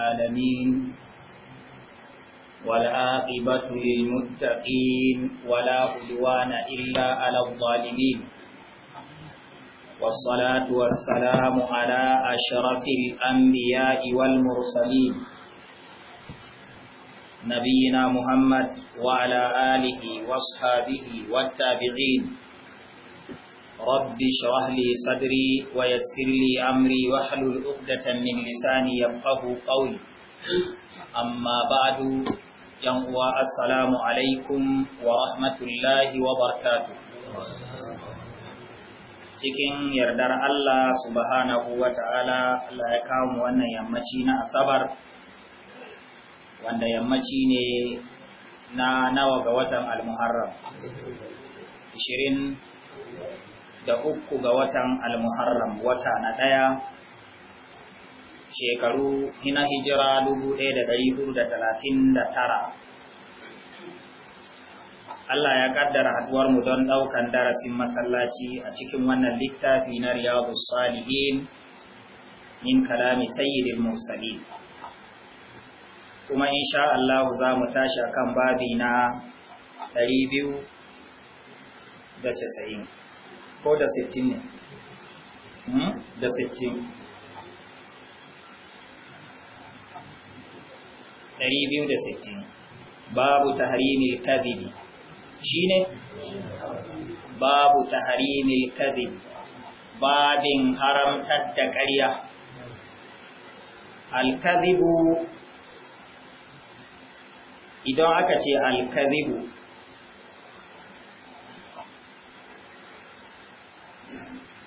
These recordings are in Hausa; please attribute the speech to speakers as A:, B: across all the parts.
A: العالمين والعاقبة للمتقين ولا عدوان إلا على الظالمين والصلاة والسلام على أشرف الأنبياء والمرسلين نبينا محمد وعلى آله واصحابه والتابعين رب شرح لي صدري ويسر لي أمري وحلل أقدة من لساني يفقه قولي أما بعد ينقوى السلام عليكم ورحمة الله وبركاته cikin yardar Allah subhanahu wa ta'ala Allah ya kawo wannan yammaci na asabar wanda yammaci ne na nawa ga watan al-muharram da uku ga watan Al-Muharram wata na ɗaya shekaru hina hijira tara. Allah ya kaddara haduwar mu don daukan darasin masallaci a cikin wannan littafi na riyadus salihin min kalami sayyidil mursalin kuma insha Allah za mu tashi babina babi na 290 ko da sittin ne hmm? da sittin ɗari biyu da sittin babu Kadibi. Shi ne? babu taharimil Kadibi. babin haramtar da ƙarya al idan aka ce al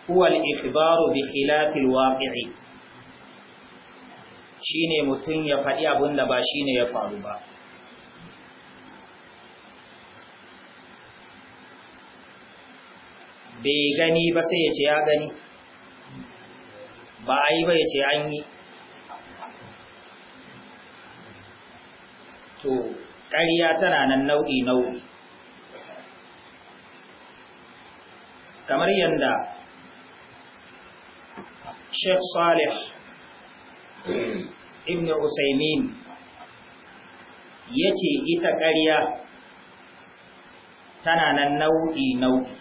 A: هو الاخبار بخلاف الواقع shine mutun ya faɗi abinda da ba shine ya faru ba bai gani ba sai ya ce ya gani ba a yi ba ya ce an yi to ƙarya tana nan nau'i nau'i kamar yadda Sheikh Salih hmm. Ibn Usaimin ya ce ita ƙarya tana nan nau'i nau'i.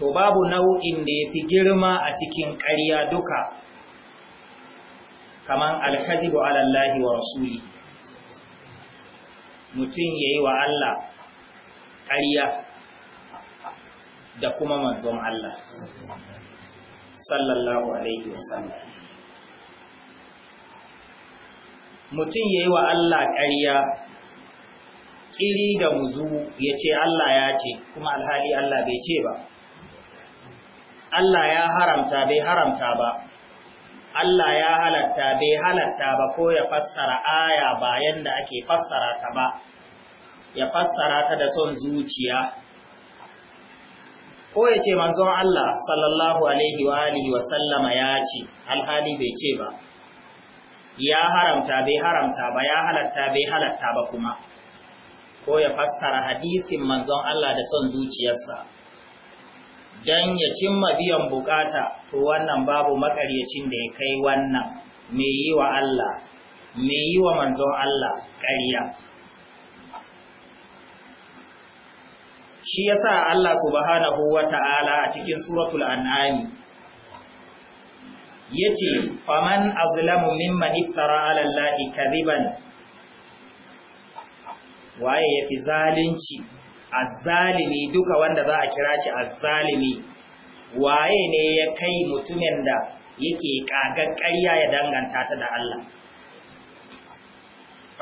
A: To babu nau'in da ya fi girma a cikin ƙarya duka, kamar alkazibu alallahi wa rasuli. Mutum ya yi wa Allah ƙarya da kuma manzon Allah. sallallahu alaihi wasallam mutum yayi wa Allah ƙarya ƙiri da muzu ya ce Allah ya ce kuma alhali Allah bai ce ba Allah ya haramta bai haramta ba Allah ya halatta bai halatta ba ko ya fassara aya bayan da ake fassara ta ba ya fassara ta da son zuciya ko ya ce manzon Allah sallallahu alaihi wa alihi wa sallama ya ce alhali bai ce ba ya haramta bai haramta ba ya halatta bai halatta ba kuma ko ya fassara hadisin manzon Allah da son zuciyarsa dan ya cimma biyan bukata to wannan babu makaryacin da ya kai wannan me yi wa Allah me yi wa manzon Allah ƙarya shi yasa Allah subhanahu ta'ala a cikin suratul an'ami yace faman azlamu mimman iftara 'ala Allahi kadhiban waye yafi zalunci azzalimi duka wanda za a kira shi azzalimi waye ne ya kai mutumin da yake kagar ƙarya ya danganta ta da Allah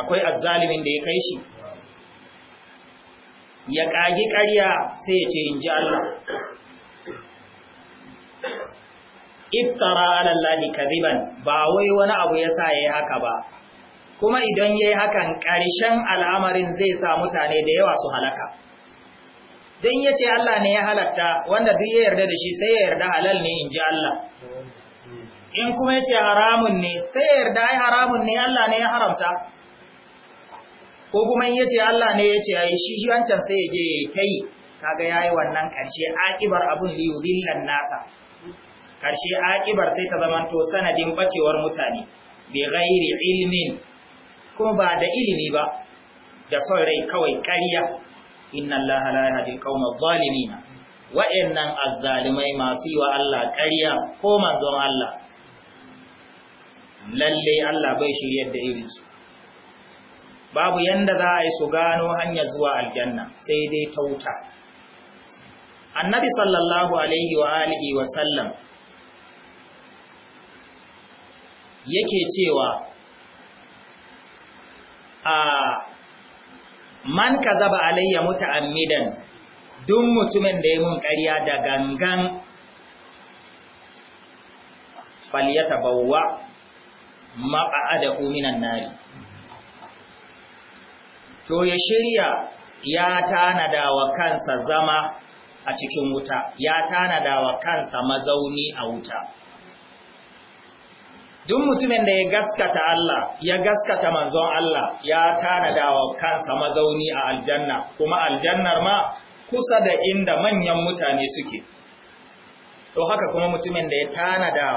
A: akwai azzalimin da ya kai shi ya ƙagi ƙarya sai ya ce in ji Allah iftara alallahi kadiban ba wai wani abu ya sa ya yi haka ba kuma idan ya yi hakan ƙarshen al'amarin zai sa mutane da yawa su halaka Dan ya ce Allah ne ya halatta wanda duk ya yarda da shi sai ya yarda halal ne in ji Allah in kuma ya ce haramun ne sai ya yarda ai haramun ne Allah ne ya haramta ko kuma ya yace Allah ne ya yace a shi shi wancan sai ya je ya kai kaga yi wannan karshe akibar abin li nasa karshe akibar sai ta zamanto sanadin bacewar mutane bai gairi ilimin. kuma ba da ilimi ba da son rai kawai ƙarya inna Allah la yahdi qauma nan a azzalimai masu yi wa Allah ƙarya ko manzon Allah lalle Allah bai shiryar da irinsu babu yanda za a yi su gano hanya zuwa aljanna sai dai tauta annabi sallallahu alaihi wa alihi wa sallam yake cewa a man kazaba alayya muta'ammidan duk mutumin da ya mun ƙarya da gangan falyata bawwa da minan nari to ya shirya ya tanada wa kansa zama a cikin wuta ya tanada wa kansa mazauni a wuta duk mutumin da ya gaskata Allah ya gaskata manzon Allah ya tanada wa kansa mazauni a aljanna kuma aljannar ma kusa da inda manyan mutane suke to haka kuma mutumin da ya tanada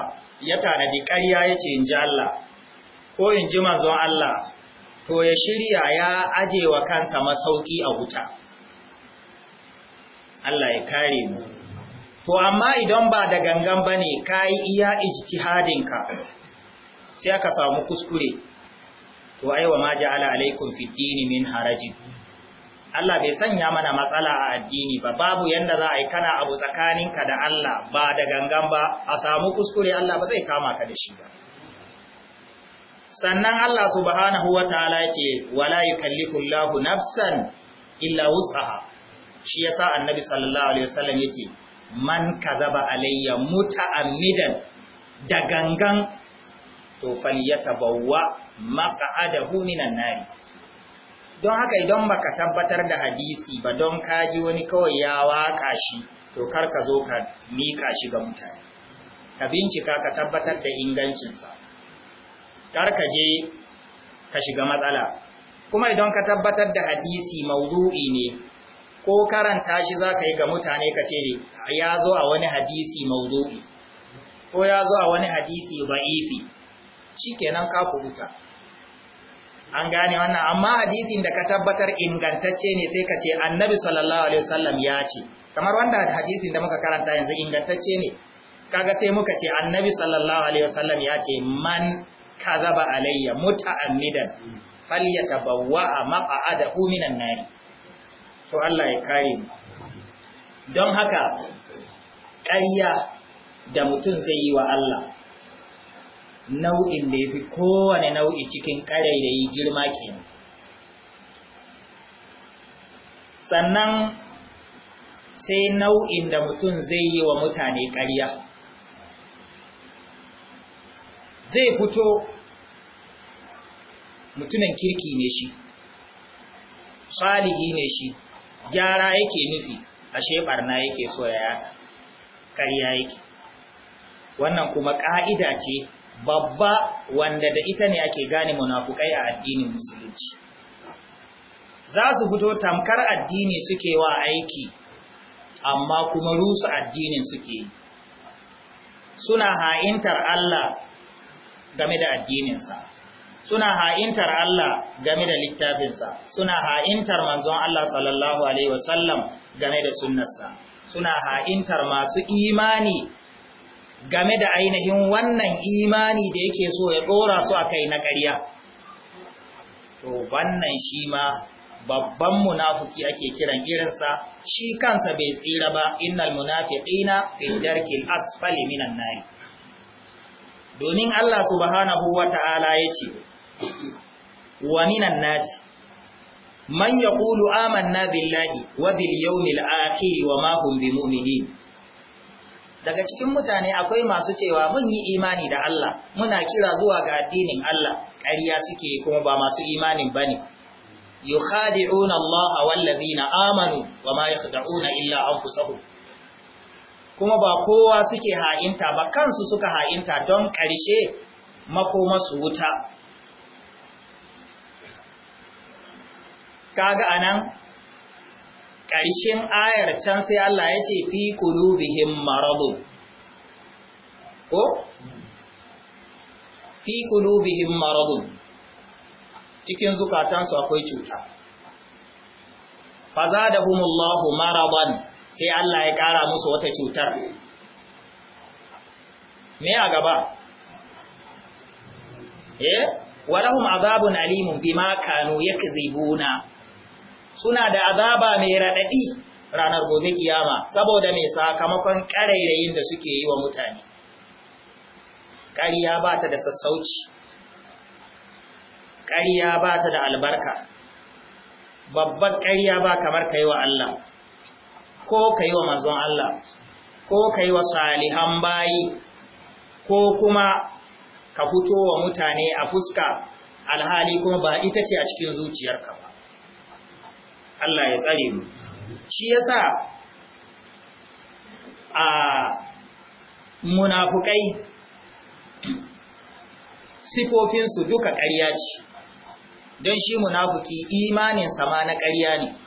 A: ya tanadi ƙarya yake in ji Allah ko inji ji manzon Allah to ya shirya ya aje wa kansa masauki a wuta Allah ya kare mu to amma idan ba da gangan bane kai iya ijtihadinka sai aka samu kuskure to aiwa ma ja'ala alaikum fi dini min harajin Allah bai sanya mana matsala a addini ba babu yadda za a yi kana abu tsakaninka da Allah ba da gangan ba a samu kuskure Allah ba zai kama ka da shi ba sannan Allah subhanahu wa ta'ala ce wala yukallifu Allahu nafsan illa wus'aha shi yasa annabi sallallahu alaihi wasallam yake man kazaba alayya muta'ammidan da gangan to falyatabawwa maq'adahu minan nari don haka idan baka tabbatar da hadisi ba don kaji wani kawai ya waka shi to kar ka zo ka mika shi ga mutane ka bincika ka tabbatar da ingancinsa kar ka je ka shiga matsala kuma idan ka tabbatar da hadisi maudu'i ne ko karanta shi za ka yi ga mutane ka ce ya zo a wani hadisi maudu'i ko ya zo a wani hadisi ba'ifi shi kenan ka kubuta an gane wannan amma hadisin da ka tabbatar ingantacce ne sai ka ce annabi sallallahu alaihi wasallam ya ce kamar wanda hadisin da muka karanta yanzu ingantacce ne kaga sai muka ce annabi sallallahu alaihi wasallam ya ce man kazaba alayya muta'ammidan falyatabawwa maq'adahu minan nar to Allah ya kare mu don haka ƙarya da mutum zai yi wa Allah nau'in da yafi kowane nau'i cikin ƙarai da yi girma kenan sannan sai nau'in da mutum zai yi wa mutane ƙarya zai fito mutumin kirki ne shi salihi ne shi gyara yake nufi ashe barna yake so ya ƙarya yake wannan kuma ƙa'ida ce babba wanda da ita ne ake gane munafukai a addinin musulunci za su fito tamkar addini suke wa aiki amma kuma rusa addinin suke yi suna ha'intar Allah game da addininsa suna ha'intar Allah game da littafinsa suna ha'intar manzon Allah sallallahu alaihi wasallam game da sunnarsa suna ha'intar masu imani game da ainihin wannan imani da yake so ya ɗora su akai na ƙarya to wannan shi ma babban munafuki ake kiran irinsa shi kansa bai tsira ba innal ɗina, fi darkil asfali minan nari domin Allah subhanahu wa ta'ala ya ce, wa minan nasi, man ya amanna billahi wa bil yawmil akhiri wa mahum bi mu'minin. Daga cikin mutane akwai masu cewa mun yi imani da Allah, muna kira zuwa ga addinin Allah, ƙarya suke kuma ba masu imanin ba ne. Yukhadi'una Allah wallazina amanu wa ma yakhda'una illa anfusahum. kuma ba kowa suke ha'inta ba kansu suka ha'inta don ƙarshe makomasu wuta kaga anan ƙarshen ayar can sai Allah ya ce fi bihin maradun ko fi bihin maradun cikin zukatansu akwai cuta da humullahu maradan sai Allah ya ƙara musu wata cutar. Me a gaba? Eh, walahum azabun alimun bima kanu yakzibuna. Suna da azaba mai raɗaɗi ranar gobe kiyama saboda mai sakamakon ƙarairayin da suke yi wa mutane. Ƙarya ba ta da sassauci. Ƙarya ba ta da albarka. Babban ƙarya ba kamar yi wa Allah. ko ka yi wa manzon Allah ko ka yi wa salihan bayi ko kuma ka fito wa mutane a fuska alhali kuma ba ita ce a cikin zuciyarka ba Allah ya tsare mu shi yasa a munafukai sifofinsu duka ƙarya ce don shi munafuki imanin sama na ƙarya ne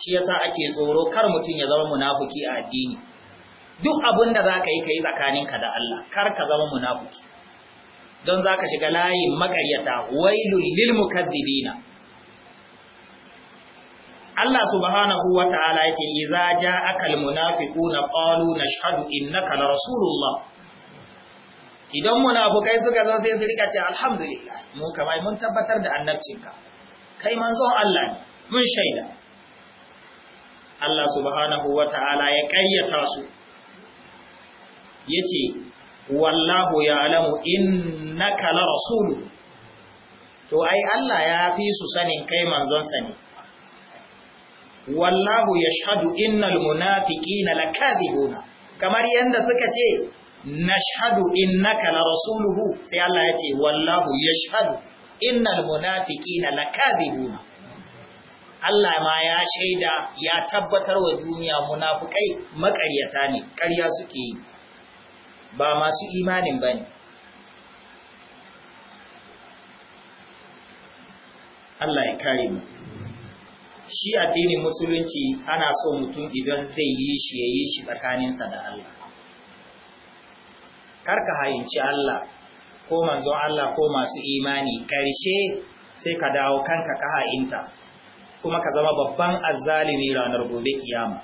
A: shi yasa ake tsoro kar mutum ya zama munafiki a addini duk abin da zaka yi kai tsakaninka da Allah kar ka zama munafiki don zaka shiga layin makaryata wailul lil mukazzibina Allah subhanahu wa ta'ala yake idza ja'akal munafiquna qalu nashhadu innaka la rasulullah idan munafukai suka zo sai su rika ce alhamdulillah mu kamai mun tabbatar da annabcinka kai manzon Allah ne mun shaida Allah subhanahu wa ta'ala ya ƙayyata su, ya ce, Wallahu ya alamu inna kala rasulu, to, ai, Allah ya fi su sanin kai manzonsa sani. Wallahu ya shahadu innal munafiki na lakazihuna, kamar yadda suka ce, Na shahadu innaka la rasuluhu, sai Allah ya ce, Wallahu ya shahadu innal munafiki na lakazihuna. Allah ma ya shaida ya tabbatar wa duniya munafukai makaryata ne ƙarya suke yi ba masu imanin ba ne. Allah ya kare mu shi addinin musulunci ana so mutum idan zai yi shi ya yi shi tsakaninsa da Allah karka hayinci Allah ko manzo Allah ko masu imani ƙarshe sai ka dawo kanka ka ha'inta kuma ka zama babban azzalimi ranar gobe kiyama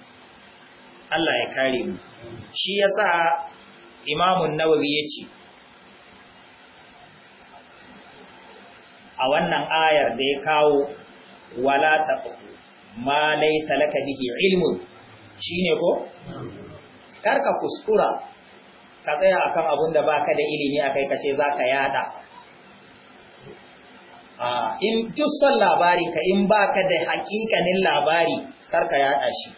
A: Allah ya kare mu shi yasa imamun nawawi yace a wannan ayar da ya kawo wala taqfu ma laysa laka bihi ilmu shine ko karka kuskura ka tsaya akan abun da baka da ilimi akai kace zaka yada Ah, in duk son labari ka in baka da hakikanin labari karka yada shi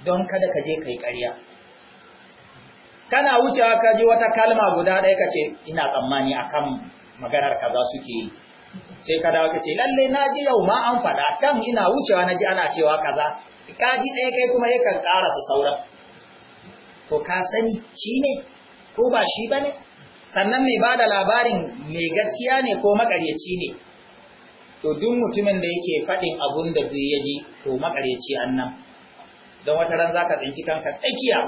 A: don kada ka je kai ƙarya kana wucewa ka je wata kalma guda ɗaya ka ce ina tsammani akan maganar kaza suke yi sai ka dawo ka ce lalle na ji yau ma an faɗa can ina wucewa na ji ana cewa kaza ka ji ɗaya kai kuma yakan ƙarasa sauran to ka sani shi ne ko ba shi ba ne sannan mai bada labarin mai gaskiya ne ko makaryaci ne to duk mutumin da yake faɗin abun da zai ya ji to makaryaci annan don wata ran zaka tsinci kanka tsakiya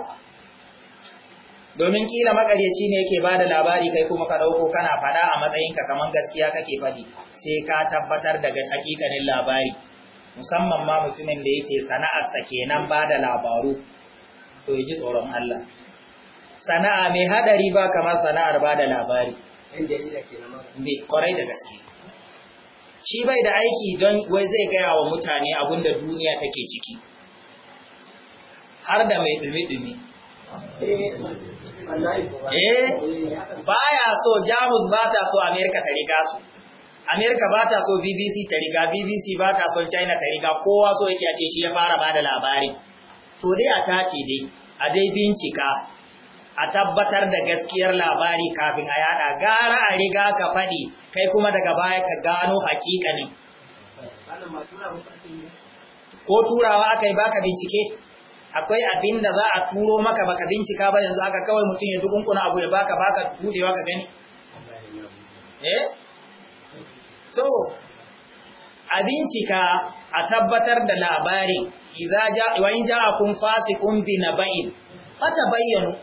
A: domin kila makaryaci ne yake bada labari kai kuma ka dauko kana faɗa a matsayinka kamar gaskiya kake faɗi? sai ka tabbatar daga hakikanin labari musamman ma mutumin da yake sana'arsa kenan bada labaru to ji tsoron Allah sana'a mai hadari ba kamar sana'ar ba da labari kwarai da gaske shi bai da aiki don wai zai gaya wa mutane abinda duniya take ciki har da mai dumi-dumi eh baya so jamus ba ta so amerika ta riga su amerika ba ta so bbc ta riga bbc ba ta so china ta riga kowa so yake ce shi ya fara ba da labari to dai a tace dai a dai bincika a tabbatar da gaskiyar labari kafin a yada gara a riga ka faɗi kai kuma daga baya ka gano hakikanin ko turawa aka yi baka bincike akwai abin da za a turo maka baka bincika ba yanzu aka kawai mutum ya kuna abu ya baka baka budewa ka gani eh so a bincika a tabbatar da labarin idza ja wa in na bayin, bi naba'in fatabayyanu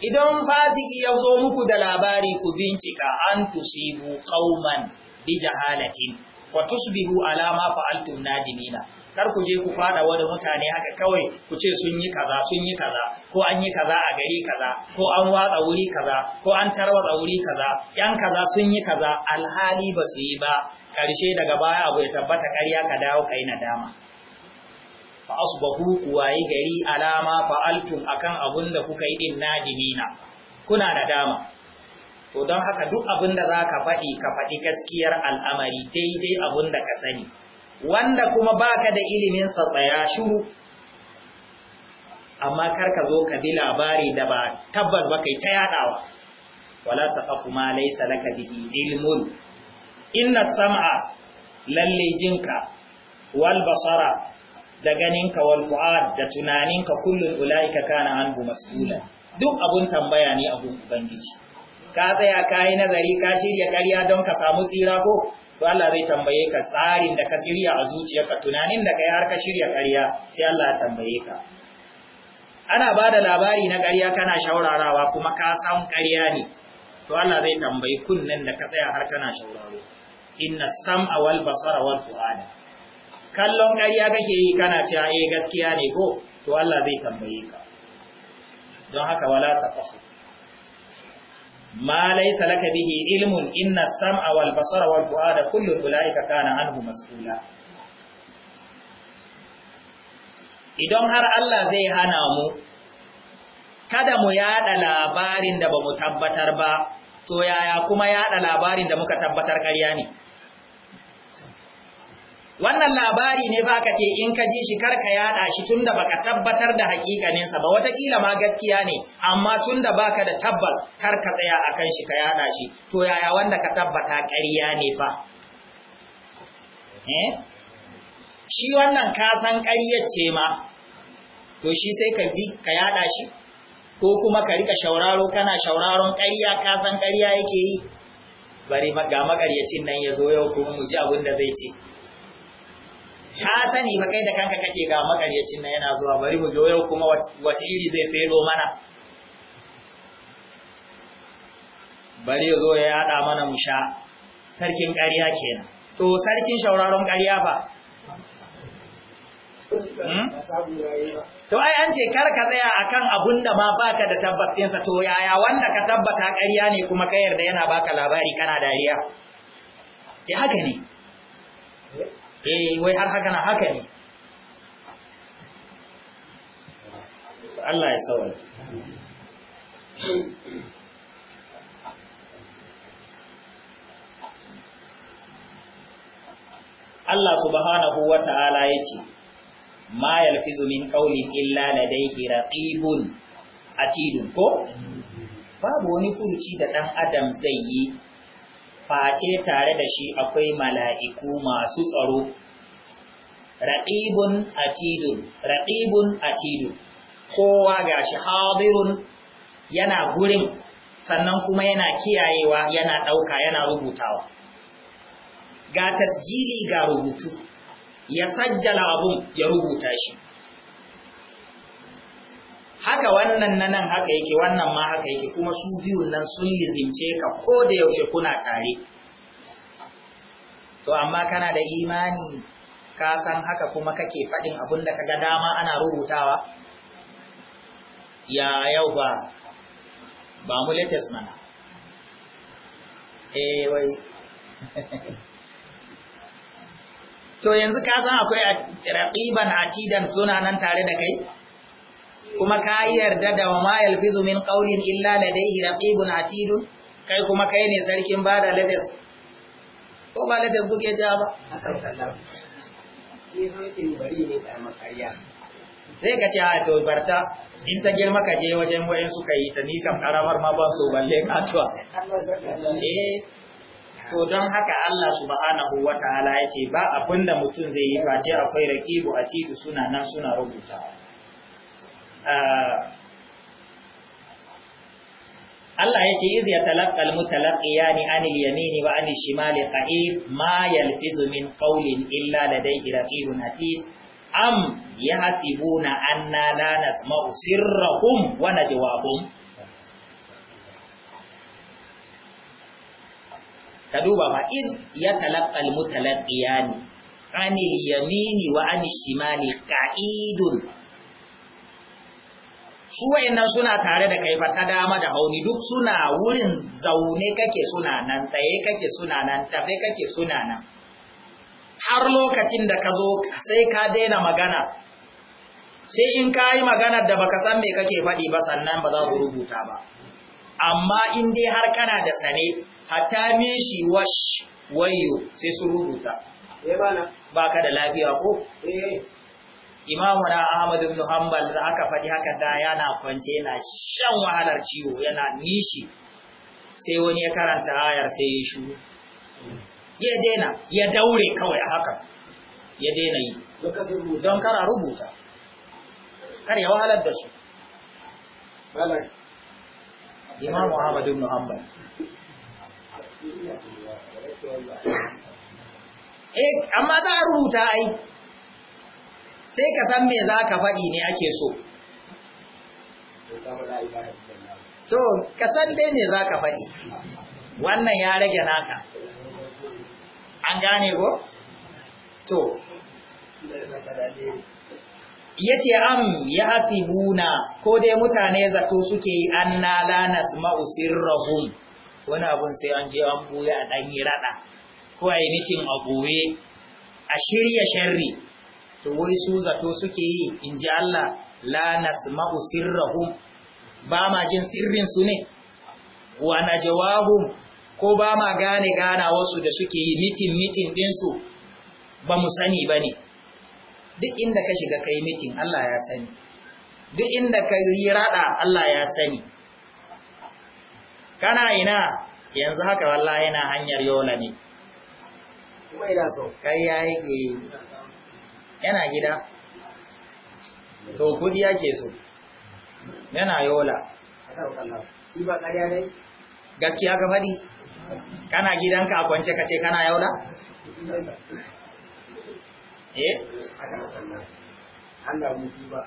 A: idan fatiki ya zo muku da labari ku bincika an tusibu qauman bi jahalatin wa tusbihu ala ma fa'altum nadimina kar ku je ku fada wani mutane haka kawai ku ce sun yi kaza sun yi kaza ko an yi kaza a gari kaza ko an watsa wuri kaza ko an tarwatsa wuri kaza yan kaza sun yi kaza alhali ba su yi ba karshe daga baya abu ya tabbata karya ka dawo kai nadama fa asbahu kuwayi gari alama fa'altum akan abun da kuka yi din nadimina kuna nadama to don haka duk abun da ka faɗi ka faɗi gaskiyar al'amari daidai abun da ka sani wanda kuma baka da ilimin sa tsaya shiru amma kar ka zo ka bi labari da ba tabbas ba kai ta yadawa wala taqafu ma laysa laka bihi ilmun inna sam'a lalle jinka wal basara da ganinka wal fu'ad da tunaninka kullun ulaika kana anhu mas'ula duk abun tambaya ne abun ubangiji ka tsaya kai nazari ka shirya ƙarya don ka samu tsira ko to Allah zai tambaye ka tsarin da ka shirya a zuciyarka tunanin da kai har ka shirya ƙarya sai Allah ya tambaye ka ana bada labari na ƙarya kana shaurarawa kuma ka san ƙarya ne to Allah zai tambayi kunnen da ka tsaya har kana shauraro inna sam'a wal basara wal fu'ada kallon ƙarya kake yi kana cewa eh gaskiya ne ko to Allah zai tambaye ka don haka wala fahu ma laysa laka bihi ilmun inna sam'a wal basara wal fuada kullu ulaika kana anhu mas'ula idan har Allah zai hana mu kada mu yada labarin da bamu tabbatar ba to yaya kuma yada labarin da muka tabbatar ƙarya ne wannan labari ne ba ka ce in ka ji shi karka yada shi tunda baka tabbatar da hakikaninsa ba watakila ma gaskiya ne amma tunda baka da tabbas ka tsaya akan shi ka yada shi to yaya wanda ka tabbata ƙarya ne fa eh shi wannan ka san ƙaryar ce ma to shi sai ka bi ka yada shi ko kuma ka rika shauraro kana shauraron ƙarya kasan san ƙarya yake yi bari ga makaryacin nan ya zo yau kuma mu ji abin da zai ce ka sani ba kai da kanka kake ga makaryacin nan yana zuwa bari mu yau kuma wace iri zai fero mana bari zo ya yada mana mu sha sarkin ƙarya kenan to sarkin shauraron ƙarya ba hmm? to ai an ce kar ka tsaya akan abun da ma baka da sa to yaya wanda ka tabbata ƙarya ne kuma ka yarda yana baka labari kana dariya ce haka ne eh wai har haka na haka ne Allah ya sauwa Allah subhanahu wa ta'ala ya ce, Ma yalfizu min ƙaunin illa ladaihi raqibun atidun ko? Babu wani furuci da ɗan Adam zai yi face tare da shi akwai mala'iku masu tsaro raƙibun atidun raƙibun atidun kowa ga shi hadirun yana gurin sannan kuma yana kiyayewa yana ɗauka yana rubutawa ga tasjili ga rubutu ya sajjala abun ya rubuta shi haka wannan na nan haka yake wannan ma haka yake kuma su biyu nan sun lizimce ka ko da yaushe kuna tare to amma kana da imani ka san haka kuma kake faɗin abin da kaga dama ana rubutawa ya yau ba ba mu latest mana eh wai to yanzu ka san akwai raqiban atidan suna nan tare da kai kuma ka yarda da wa ma fizu min qawlin illa ladayhi raqibun atidun kai kuma kai ne sarkin bada ladas ko ba ladas kuke ja ba sai ka ce a to barta in ta girma ka je wajen wayan suka yi ta nisan karamar ma ba so balle katuwa
B: eh
A: to don haka Allah subhanahu wa ta'ala ya ce ba abinda mutum zai yi face akwai a atidu suna nan suna rubutawa Allah ya ce iz ya yatalaqqa al-mutalaqiyani anil yamini wa anil shimali qa'id ma yalfizu min qawlin illa ladayhi raqibun atid am ya yahsibuna anna la nasma'u sirrahum wa najwahum Ta duba ba iz ya yatalaqqa al-mutalaqiyani anil yamini wa anil shimali qa'idun su wa'annan suna tare da kaifar ta dama da hauni duk suna wurin zaune kake suna nan tsaye kake suna nan tafe kake suna nan har lokacin da ka zo sai ka daina magana sai in ka yi maganar da baka san me kake faɗi ba sannan ba za ku rubuta ba amma in dai har kana da sane hatta mishi wash wayo sai su rubuta eh, ba ka da lafiya ko eh. imamu na Ahmadu Muhammad da aka faɗi haka da yana kwance yana shan wahalar ciwo yana nishi sai wani ya karanta ayar sai ya shuru ya daina ya daure kawai a haka ya daina yi don kara rubuta kar ya wahalar da su Imam Muhammad eh amma za a rubuta ai sai ka san me za ka faɗi ne ake so to ka san dai me za ka faɗi wannan ya rage naka an gane ko? to ya ce am ya asibuna ko dai mutane zato suke yi an na lanas ma'usir rahum wani abun sai an je an buya a ɗanyi raɗa ko a yi mitin a goye a shirya sharri to wai su zato suke yi in ji Allah la nasma'u sirrahum ba ma jin sirrin su ne wa najawahum ko ba ma gane gana wasu da suke yi mitin mitin din ba mu sani bane duk inda ka shiga kai mitin Allah ya sani duk inda ka yi rada Allah ya sani kana ina yanzu haka wallahi ina hanyar yola ne kuma ina so kai yayi eh. yana gida to kudi yake so yana yola gaskiya ka faɗi kana gidanka a kwance ka ce kana yola
B: eh Allah mu ba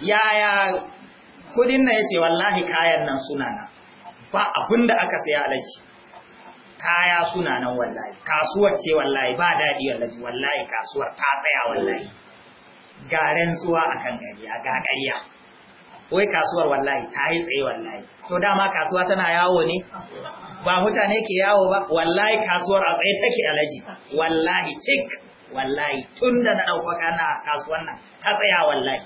A: yaya kudin na yace wallahi kayan nan suna na ba abinda aka saya alaji kaya suna nan wallahi kasuwar ce wallahi ba daɗi wallahi wallahi kasuwar ta tsaya wallahi ga rantsuwa akan gari a ga wai kasuwar wallahi ta yi tsaye wallahi to dama kasuwa tana yawo ne ba mutane ke yawo ba wallahi kasuwar a tsaye take alaji wallahi cik wallahi tun da na ɗaukaka na kasuwar nan ta tsaya wallahi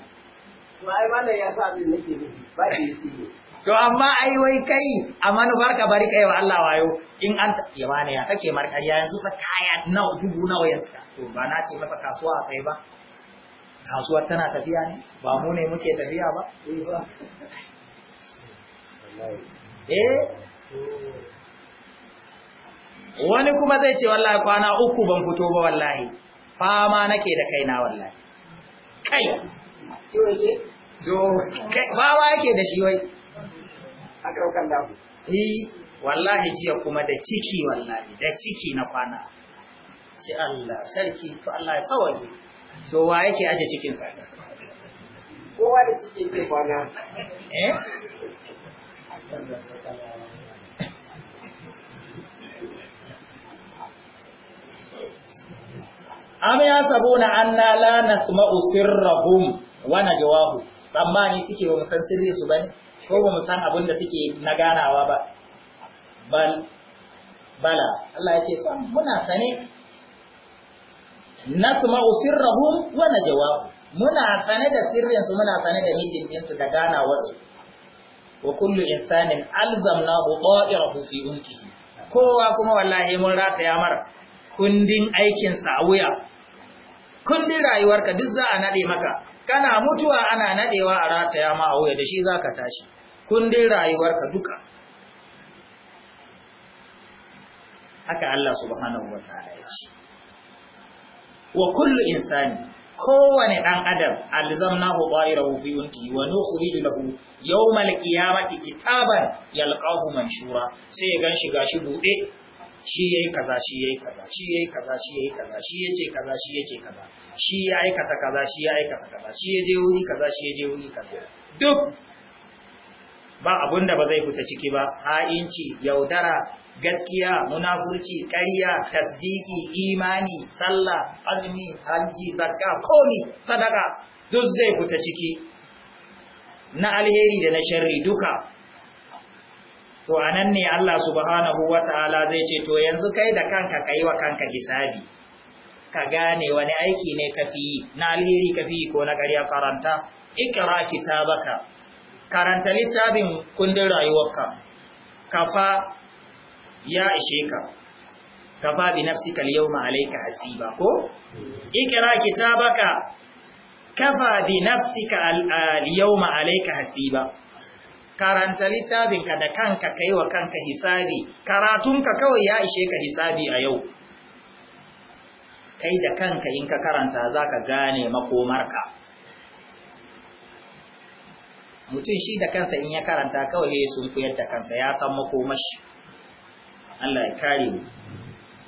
B: ba ai ya sa abin nake ba ke
A: yake to amma ai wai kai amma na barka bari kai wa Allah wayo in an ya wani ya kake markariya yanzu ka kaya nawa dubu nawa yanzu to ba na ce masa kasuwa a kai ba kasuwar tana tafiya ne ba mu ne muke tafiya ba
B: eh
A: wani kuma zai ce wallahi kwana uku ban fito ba wallahi fama nake da kaina wallahi kai fama yake da shi wai a ƙaukan labu eh wallahi jiya kuma da ciki wallahi da ciki na kwana ce Allah sarki to Allah ya yi. to wa yake aje cikin sa
B: kowa da cikin ce kwana eh
A: am ya an anna la nasma'u sirrahum wa najwahu tsammani suke ba mu san sirri su bane ko ba mu san abin da suke na ganawa ba bal bala Allah ya ce san muna sane nasma'u sirrahum wa najawahum muna sane da sirrin su muna sane da mijin su da ganawa su wa kullu insanin alzamnahu ta'irahu fi unkihi kowa kuma wallahi mun rataya mar kundin aikin sa a wuya kundin rayuwarka duk za a nade maka kana mutuwa ana nadewa a rataya ma a wuya da shi zaka tashi kundin rayuwarka duka haka Allah subhanahu wa ta'ala ya ce wa kullu insani kowane dan adam alzamnahu ba'irahu fi yunki wa nukhrij lahu yawmal qiyamati kitaban yalqahu manshura sai ya ganshi gashi bude shi yayi kaza shi yayi kaza shi yayi kaza shi yayi kaza shi yace kaza shi yace kaza shi ya aikata kaza shi ya aikata kaza shi ya je wuri kaza shi ya je wuri kaza duk ba abun da ba zai fita ciki ba ha'inci yaudara gaskiya munafurci ƙarya tasdiki imani sallah azumi hajji zakka komi sadaka duk zai fita ciki na alheri da na sharri duka to anan ne Allah subhanahu wataala zai ce to yanzu kai da kanka kai wa kanka hisabi ka gane wani aiki ne kafi na alheri kafi ko na ƙarya karanta ikra kitabaka karanta littafin kundin rayuwarka kafa ya ishe ka kafa bi nafsi al-yawma alayka hasiba ko ikra kitabaka kafa bi nafsika al-yawma alayka hasiba karanta littafinka da kanka kai wa kanka hisabi karatunka kawai ya ishe ka hisabi a yau kai da kanka in ka karanta zaka gane makomarka mutum shi da kansa in ya karanta kawai ya sun koyar da kansa ya san makomashi Allah ya kare mu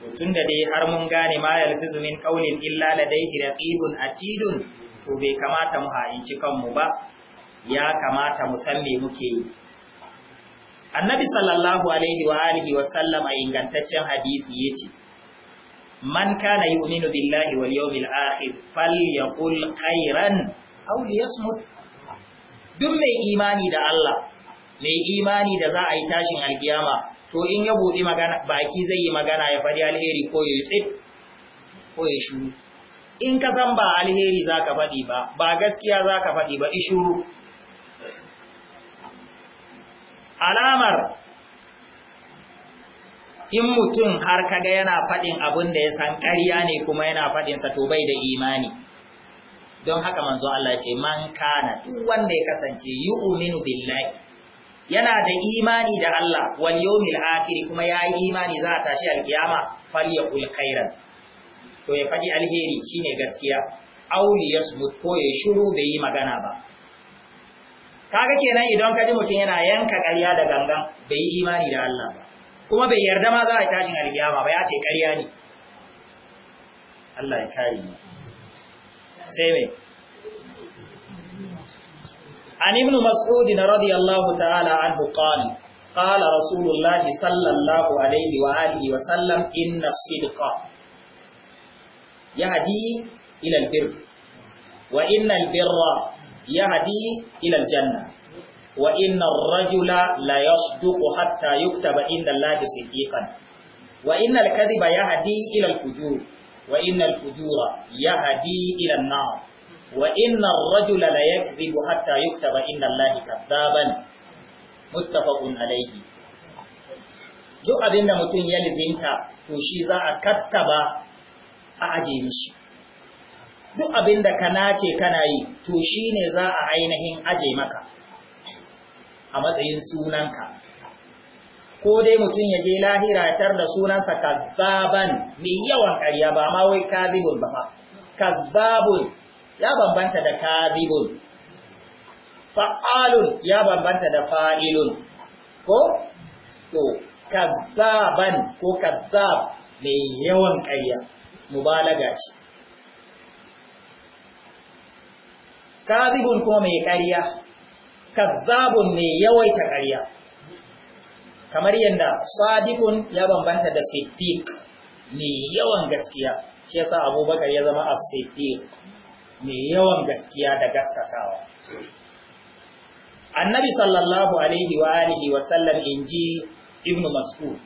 A: Mutum da dai har mun gane ma lafi zumin ƙaunin illa ladayhi raqibun atidun to bai kamata mu ha'inci kanmu ba ya kamata mu san me muke yi annabi sallallahu alaihi wa alihi wa sallam a ingantaccen hadisi yace man kana yu'minu billahi wal yawmil akhir falyaqul khairan aw liyasmut duk mai imani da Allah mai imani da za a yi tashin alkiyama to in ya buɗi magana baki zai yi magana ya faɗi alheri ko ya tsit ko ya shuru in ka san ba alheri za ka faɗi ba ba gaskiya za ka faɗi ba ishuru alamar in mutum har kaga yana faɗin abin da ya san ƙarya ne kuma yana faɗinsa to bai da imani don haka manzo Allah ce man kana duk wanda ya kasance yu'minu billahi yana da imani da Allah wal yawmil akhir kuma yayi imani za a tashi alkiyama falyakul khairan to ya fadi alheri shine gaskiya auli yasmut ko ya shiru bai yi magana ba kaga kenan idan ka ji mutum yana yanka ƙarya da gangan bai yi imani da Allah ba kuma bai yarda ma za a tashin alkiyama ba ya ce ƙarya ne Allah ya kare ni sai mai an ibn mas'ud radiyallahu ta'ala anhu qala qala rasulullahi sallallahu alaihi wa alihi wa sallam inna sidqa yahdi ila albir wa inna albirra yahdi ila aljanna wa inna ar-rajula la yasduqu hatta yuktaba inda allahi siddiqan wa inna al-kadhiba yahdi ila al-fujur wa innal fujura yahdi ila an-nar wa innar rajula la yakdhibu hatta yuktaba inda Allahi kadhaban muttafaqun alayhi duk abinda mutum ya lizinta to shi za a kattaba a aje mishi duk abinda ka nace kana yi to shi ne za a ainihin aje maka a matsayin sunanka ko dai mutum ya je lahira tar da sunansa kazzaban mai yawan ƙarya ba ma wai kazibun ba fa kazzabun ya bambanta da kazibun fa'alun ya bambanta da fa'ilun ko to kazzaban ko kazzab mai yawan ƙarya mubalaga ce kazibun ko mai ƙarya kazzabun mai yawaita ƙarya kamar yadda sadiqun ya bambanta da siddiq ne yawan gaskiya shi yasa abubakar ya zama as-siddiq ne yawan gaskiya da gaskatawa annabi sallallahu alaihi wa alihi wa sallam inji ibnu mas'ud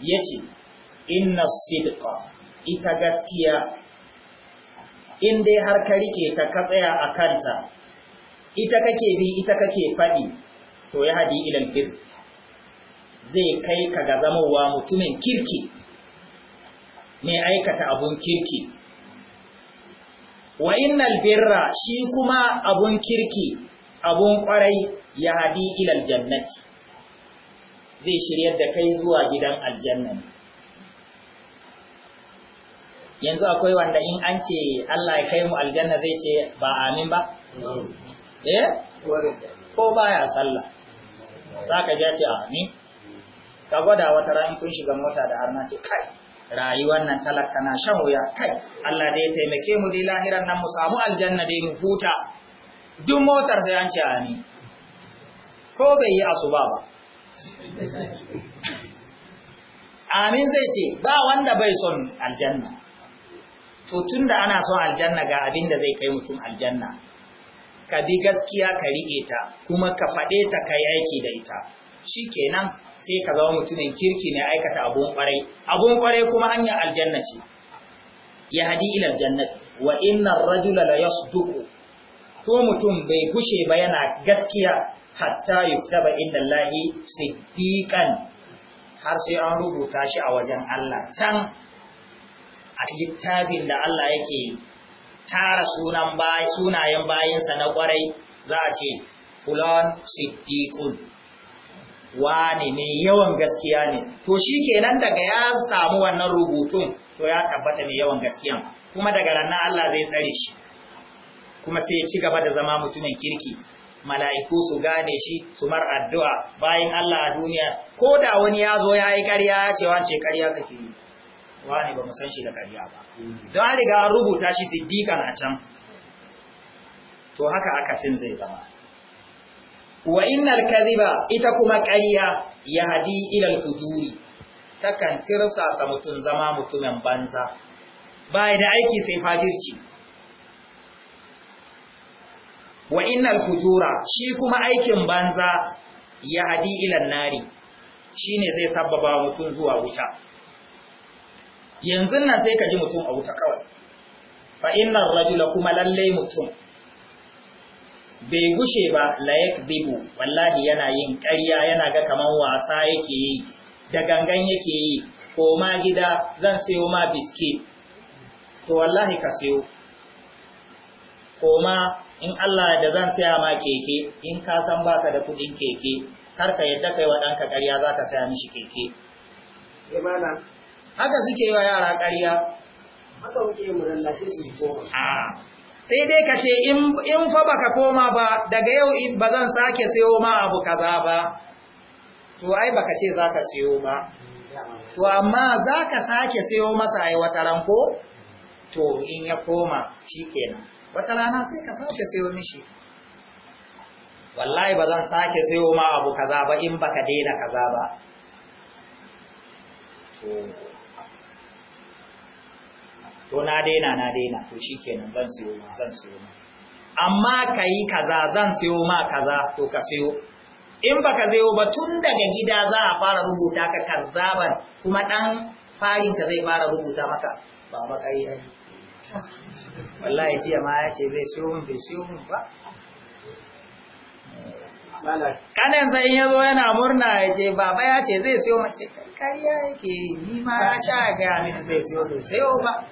A: yace inna sidqa ita gaskiya in dai har ka rike ta ka tsaya a kanta ita kake bi ita kake faɗi to ya hadi ilal birr zai kai ka ga zamowa mutumin kirki mai aikata abun kirki wa innal birra shi kuma abun kirki abun kwarai ya hadi ilal jannati zai shiryar da kai zuwa gidan aljanna yanzu akwai wanda in an ce Allah ya kai mu aljanna zai ce ba amin ba? Eh? Ko baya sallah. Za ka ce amin. ka gwada wata ran kun shiga mota da harna ce kai rayuwar nan talaka na shan wuya kai Allah dai taimake mu dai lahiran nan mu samu aljanna dai mu huta duk motar sai an ce amin ko bai yi asuba ba amin zai ce ba wanda bai son aljanna to tunda ana son aljanna ga abin da zai kai mutum aljanna ka bi gaskiya ka riƙe ta kuma ka faɗe ta ka aiki da ita shi kenan sai ka zama mutumin kirki mai aikata abun kwarai abun kwarai kuma hanyar aljanna ce ya hadi ila jannati wa innar rajula la yasduqu To mutum bai gushe ba yana gaskiya hatta yuktaba inna lillahi siddiqan har sai an rubuta shi a wajen Allah can a littafin da Allah yake tara sunan sunayen bayinsa na kwarai za a ce fulan siddiqun wane ne yawan gaskiya ne to shi kenan daga ya samu wannan rubutun to ya tabbata mai yawan gaskiya. kuma daga ranar Allah zai tsare shi kuma sai ya ci gaba da zama mutumin kirki mala'iku su gane shi su mar addu'a bayan Allah a duniya ko da wani ya zo ya yi ƙarya ya ce wance ƙarya kake yi wani ba mu san shi da ƙarya ba don an riga an rubuta shi siddiqan a can to haka akasin zai zama wa innal kadhiba ita kuma ƙarya ya hadi ilal fujuri takan tirsasa mutum zama mutumin banza bai da aiki sai fajirci wa innal fujura shi kuma aikin banza ya hadi ilal nari shine zai sabbaba mutum zuwa wuta yanzu nan sai ka ji mutum a wuta kawai fa innar rajula kuma lallai mutum bai gushe ba layak zibu wallahi yana yin ƙarya yana ga kamar wasa yake yi da gangan yake yi ko ma gida zan sayo ma biskit to wallahi ka sayo ko ma in Allah da zan saya ma keke in ka san baka da kudin keke kar ka yadda kai wa ɗanka ƙarya za ka saya mishi keke eh, haka suke yi wa yara ƙarya
B: haka muke yi mu lallace su koma ah.
A: sai dai ka ce in fa baka koma ba daga yau ba zan sake sayo ma abu kaza ba to ai baka ce zaka sayo ba to amma zaka sake sayo masa ai wata ranko to in ya koma shikenan wata rana sai ka sake sayo mishi wallahi ba zan sake sayo ma abu kaza ba in baka daina kaza ba to to na daina na daina to shikenan zan siyo ma zan siyo ma amma kayi kaza zan siyo ma kaza to ka siyo in baka zai ba tun daga gida za a fara rubuta ka karzaban kuma dan farin ka zai fara rubuta maka baba kai ai wallahi jiya ma ya ce zai siyo mun bai siyo mun ba kana sai ya zo yana murna ya ce baba ya ce zai siyo mace kariya yake ni ma sha ga min zai siyo zai siyo ba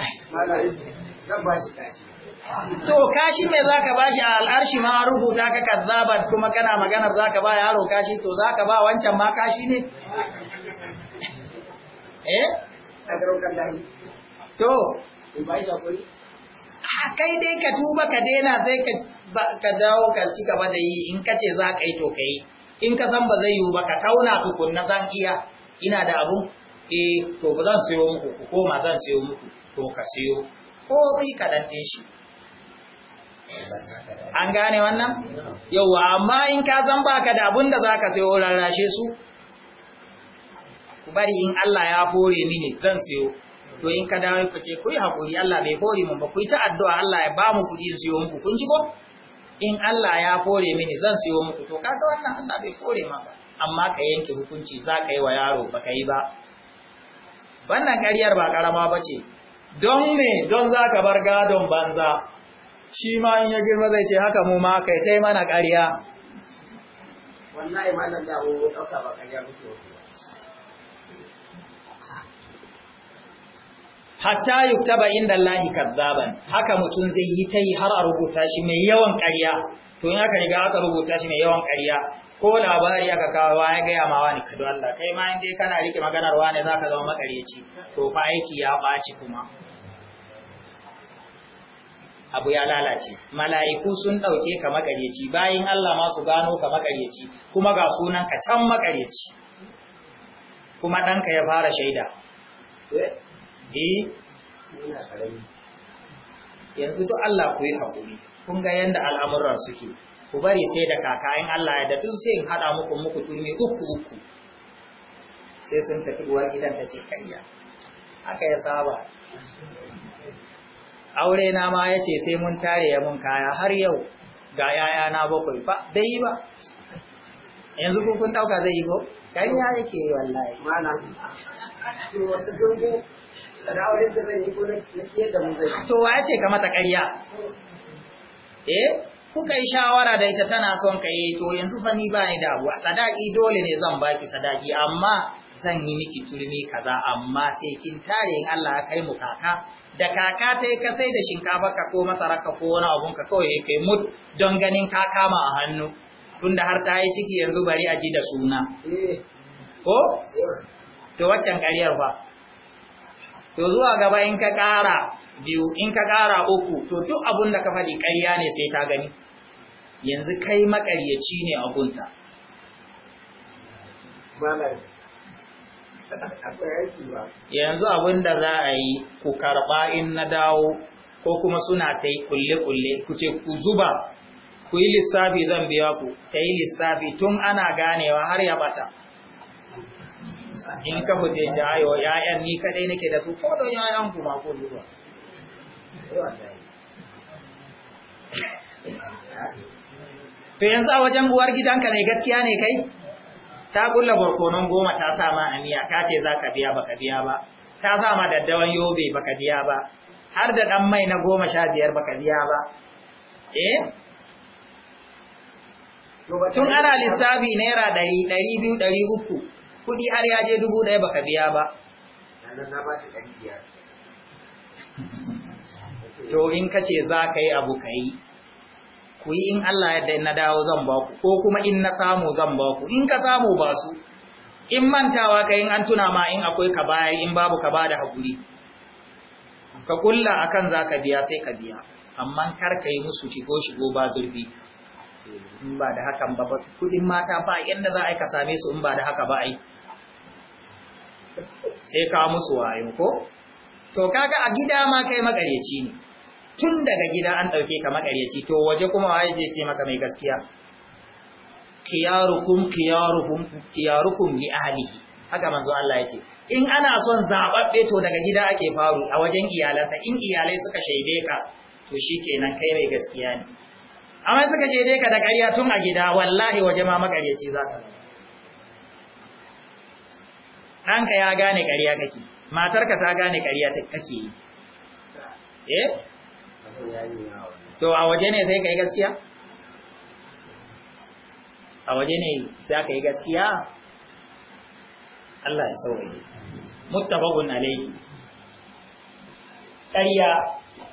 B: To
A: kashi ne za ka bashi a al'arshi ma rubuta ka kazzabar kuma kana maganar za ka ba yaro kashi to za ka ba wancan ma kashi ne?
B: Eh? To,
A: kai dai ka tuba ka daina sai ka dawo ka ci gaba da yi in ka ce za ka yi to ka yi, in ka san ba zai yiwu ba ka kauna tukun na zan iya ina da abun, eh to ba zan siyo muku, ku koma zan siyo muku. ko ka siyo ko bi kaɗan shi an gane wannan yauwa amma in ka zan baka da abinda zaka za ka siyo rarrashe su ku bari in Allah ya hore mini zan siyo to in ka dawo ka ce ku yi Allah bai hore mun ba ku yi ta addu'a Allah ya ba mu kuɗi in siyo muku kun ji ko in Allah ya hore mini zan siyo muku to kaga wannan Allah bai hore ma ba amma ka yanke hukunci za ka yi wa yaro ba ka yi ba wannan ƙaryar ba ƙarama ba ce don me don za ka bar gadon banza shi ma in ya girma zai ce haka mu ma kai ta mana ƙarya hatta yi ta ba wasu inda lahi kazzaban haka mutum zai yi yi har a rubuta shi mai yawan ƙarya to haka aka riga aka rubuta shi mai yawan ƙarya ko labari aka kawo ya gaya ma wani kado Allah kai ma inda kana rike maganar wani ka zama makareci to fa aiki ya baci kuma abu ya lalace mala'iku sun ɗauke ka makareci bayin Allah ma su gano ka makareci kuma ga sunan ka can makareci kuma ɗanka ya fara shaida eh, eh? yanzu duk Allah ku yi hakuri kun ga yanda al'amuran suke ku bari sai da kaka in Allah ya dadu sai in haɗa muku muku turmi uku uku sai sun tafi uwar gidan ta ce kayya haka ya saba aure na ma ya ce sai mun tare ya mun kaya har yau ga yaya na bakwai ba bai yi ba yanzu kun kun dauka zai yi ko kan ya yake wallahi malam
B: to wata zango da aure da zai yi ko na ciyar da mu zai to
A: wa ya ce ka mata ƙarya eh kuka yi shawara da ita tana son ka yi eh, to yanzu fa ni ba ni da abu sadaki dole ne zan baki sadaki amma zan yi miki turmi kaza amma sai kin tare in Allah ya kai mu kaka da kaka ta yi kasai da shinkafa ka ko masara ka ko wani abun ka kawai kai mut don ganin ka kama a hannu tunda har ta yi ciki yanzu bari a ji da suna ko to waccan ƙaryar fa to zuwa gaba in ka ƙara biyu in ka ƙara uku to duk abun da ka faɗi ƙarya ne sai ta gani yanzu kai makaryaci ne a gunta yanzu abin da za a yi ku karɓa in na dawo ko kuma suna ta yi kulle-kulle ku ce ku zuba ku yi lissafi zan biya ku ta yi lissafi tun ana ganewa har ya bata in ka fice ci ayo ya'yan ni kadai nake da su ko don ya'yan ku ma ko zuba. to yanzu a wajen buwar gidanka ne gaskiya ne kai ta kulla barkonon goma ta sa ma aniya, ka ce za ka biya baka biya ba ta sa ma daddawan yobe baka biya ba har da dan mai na goma sha biyar baka biya ba eh tun ana lissafi naira ɗari ɗari biyu ɗari uku kuɗi har ya je dubu ɗaya baka biya ba to in ka ce za ka yi abu ka yi ku yi in Allah yadda na dawo zan ba ku ko kuma in na samu zan ba ku in ka samu ba su in mantawa ka in an tuna ma in akwai ka bayar in babu ka ba da haƙuri ka kulla akan za ka biya sai ka biya amma kar ka yi musu shigo shigo ba zurfi in ba da hakan ba kudin mata ba yadda za a yi ka same su in ba da haka ba ai sai ka musu wayo ko to kaga a gida ma kai makareci ne tun daga gida an ɗauke ka makaryaci to waje kuma waye zai ce maka mai gaskiya kiyarukum kiyarukum kiyarukum li ahlihi haka manzo Allah yake in ana son zababbe to daga gida ake faru a wajen iyalansa in iyalai suka shaide ka to shikenan kai mai gaskiya ne amma suka shaide ka da ƙarya tun a gida wallahi waje ma makaryaci zaka ɗanka ya gane ƙarya kake matarka ta gane ƙarya kake eh to a waje ne sai ka yi gaskiya a waje ne sai ka yi gaskiya Allah ya saurayi muttafaqun alayhi ƙarya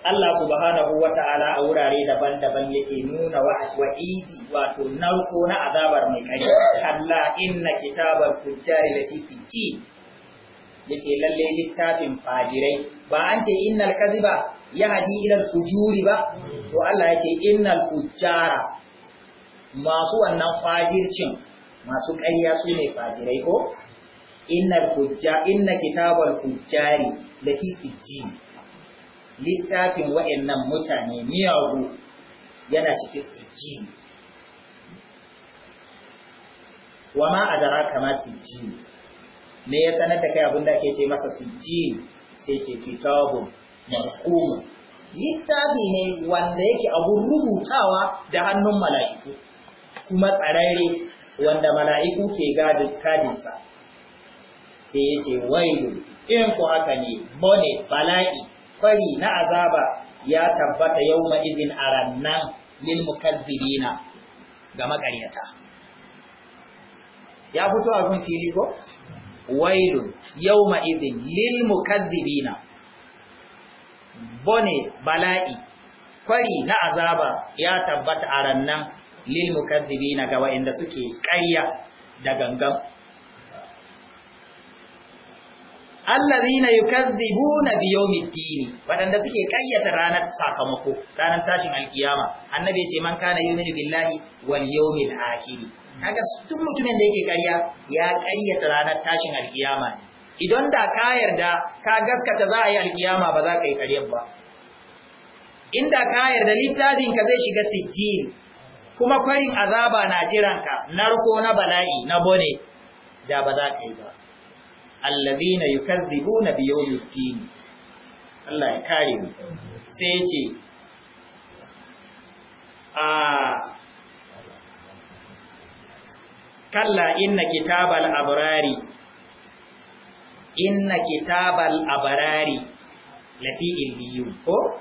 A: Allah subhanahu wata'ala a wurare daban-daban yake nuna wa'idi wato narko na azabar mai ƙari, Allah inna kitabar fujjari lafi fijji yake lalle littafin fajirai ba an ce innal ba. ya hadi ilal fujuri ba to Allah yake innal fujjara masu wannan fajircin masu ƙarya su ne fajirai ko innal fujja inna kitabal fujjari lafi fijjin littafin wa'annan mutane miyagu yana cikin fijjin wama adara kama fijjin me ya sanar da kai abin da ake ce masa fijjin sai ke kitabun marquma littafi ne wanda yake abun rubutawa da hannun mala'iku kuma tsararre wanda mala'iku ke gadin kadinsa sai ya ce wailu in ku haka ne bone bala'i fari na azaba ya tabbata yau ma'izin a rannan lilmukazzibina ga maƙaryata ya fito abin fili ko wailun yau ma'izin lilmukazzibina bone bala'i kwari na azaba ya tabbata a rannan lil na ga inda suke ƙayya da gangan allazina yukazzibuna bi yawmiddin wadanda suke kayyata ranar sakamako ranar tashin alkiyama annabi ce man kana yu'minu billahi wal yawmil a'kiri. kaga duk mutumin da yake ƙarya ya ƙayyata ranar tashin alkiyama idan da ka yarda ka gaskata za a yi alkiyama ba za ka yi ƙaryar ba inda ka yarda littafin ka zai shiga sijjin kuma kwarin azaba na jiranka narko na bala'i na bone da ba za ka yi ba allazina yukazzibuna bi yawmiddin Allah ya kare mu sai yace a kalla inna kitabal abrari inna kitabal abrari lafi illiyun ko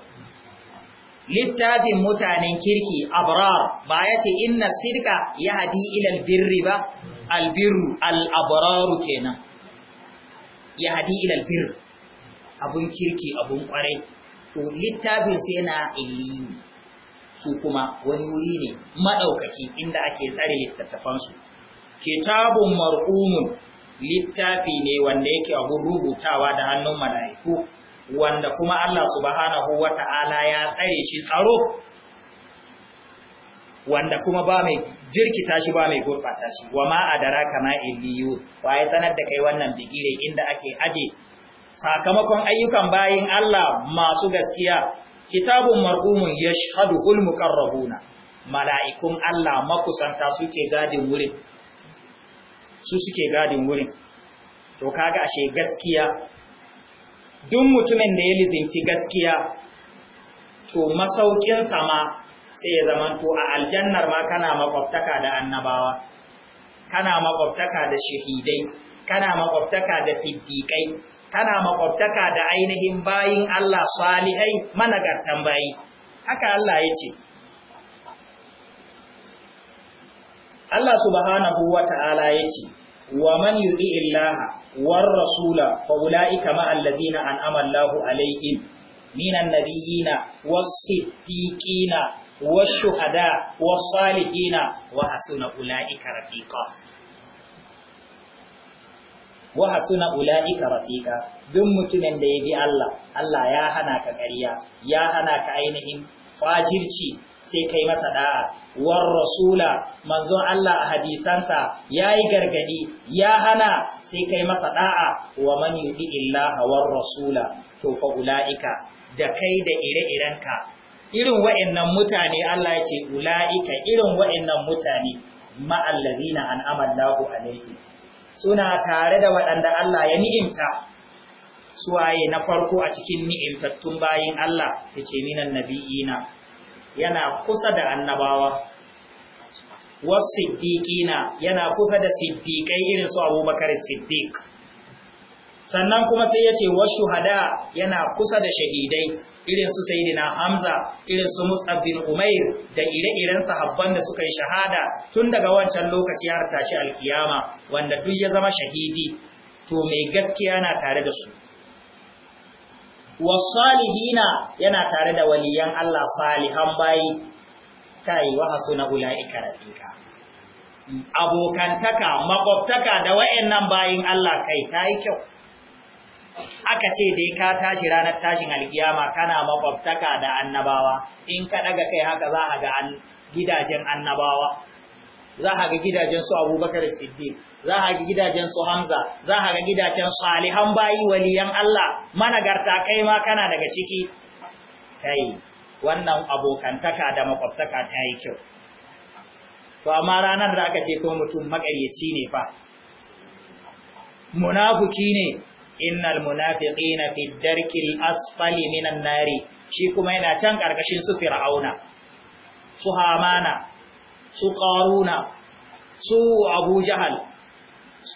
A: littafin mutanen kirki abrar ba ya ce inna sidka ya hadi ilal birri ba albirru al'abraru kenan ya ilal birri abun kirki abun kwarai to littafin sai na ilimi su kuma wani wuri ne maɗaukaki inda ake tsare littattafansu kitabun mar'umun littafi ne wanda yake abun rubutawa da hannun mala'iku wanda kuma Allah subhanahu wa ta'ala ya tsare shi tsaro wanda kuma ba mai jirkita shi ba mai gurɓata shi wa ma adara kama illiyu wa ya sanar da kai wannan bigire inda ake aje sakamakon ayyukan bayin Allah masu gaskiya kitabun mar'umun yashhaduhul muqarrabuna mala'ikun Allah makusanta suke gadin wurin su suke gadin wurin to kaga ashe gaskiya duk mutumin da ya lizinci gaskiya to masaukin sama sai ya zama to a aljannar ma kana makwabtaka da annabawa kana makwabtaka da shahidai kana makwabtaka da siddiƙai kana makwabtaka da ainihin bayin Allah salihai managartan bayi haka Allah ya ce Allah subhanahu wa ta'ala ya ce wa man yuɗi illaha war rasula fa ulaika ma alladhina an'ama Allahu alaihim minan nabiyina was-siddiqina wash-shuhada was-salihina wa hasuna ulaika rafiqa wa hasuna ulaika rafiqa duk mutumin da ya bi Allah Allah ya hana ka ƙarya ya hana ka ainihin fajirci sai kai masa da'a war rasula manzon Allah a hadisansa yayi gargadi ya hana sai kai masa da'a wa man yuti illaha war rasula to fa ulaika da kai da ire-irenka irin wa'annan mutane Allah yake ulaika irin wa'annan mutane ma'allazina an'ama Allahu alaihi suna tare da waɗanda Allah ya ni'imta suwaye na farko a cikin ni'imtattun bayin Allah ce minan nabiyina yana kusa da annabawa wasiddiqina yana kusa da siddiqai irin su Abubakar Siddiq sannan kuma sai yace washuhada yana kusa da shahidai irin su Sayyidina Hamza irin su Mus'ab bin Umair da ire-iren sahabban da suka yi shahada tun daga wancan lokaci har tashi alkiyama wanda duk ya zama shahidi to mai gaskiya na tare da su wasalihina yana tare da waliyan Allah salihan bayi kai wa hasuna ulaika rafiqa abokantaka makwabtaka da wayannan bayin Allah kai tayi kyau aka ce dai ka tashi ranar tashin alkiyama kana makwabtaka da annabawa in ka daga kai haka za a ga gidajen annabawa za a ga gidajen su Abubakar Siddiq za a ga gidajen su Hamza za a ga gidajen salihan bayi waliyan Allah managarta kai ma kana daga ciki kai wannan abokantaka da makwabtaka ta yi kyau to amma ranar da aka ce ko mutum makaryaci ne fa Munafuki ne innal munafiqina fi darkil asfali minan nari shi kuma yana can ƙarƙashin su fir'auna su hamana su qaruna su abu jahal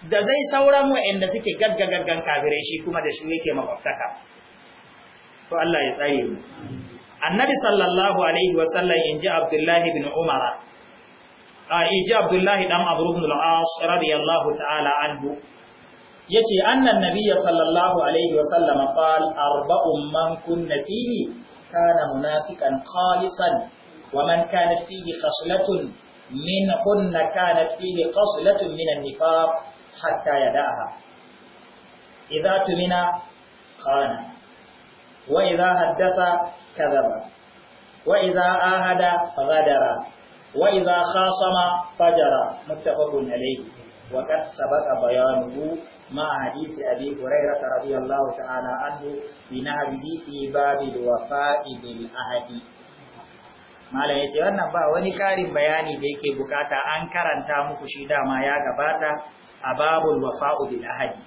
A: da zai sauran wa'anda suke gaggagaggan kafirai shi kuma da shi yake makwabtaka to Allah ya tsare mu annabi sallallahu alaihi wa sallam ji abdullahi bin umara a inji abdullahi ɗan abu ibn al-as radiyallahu ta'ala anhu yace annan nabiyya sallallahu alaihi wa sallam qala arba'un man kunna fihi kana munafiqan khalisan wa man kana fihi khaslatun minhunna kanat fihi khaslatun min an hatta ya da'aha idza tumina khana wa idza haddatha kadhaba wa idza ahada fadara. wa idza khasama fajara muttafaqun alayhi wa qad sabaqa bayanuhu ma hadisi abi hurairah radiyallahu ta'ala anhu bi nahbihi fi babil wafa'i bil ahadi
B: malam yace wannan ba wani karin
A: bayani da yake bukata an karanta muku shi dama ya gabata a babul wafa'u bil ahadi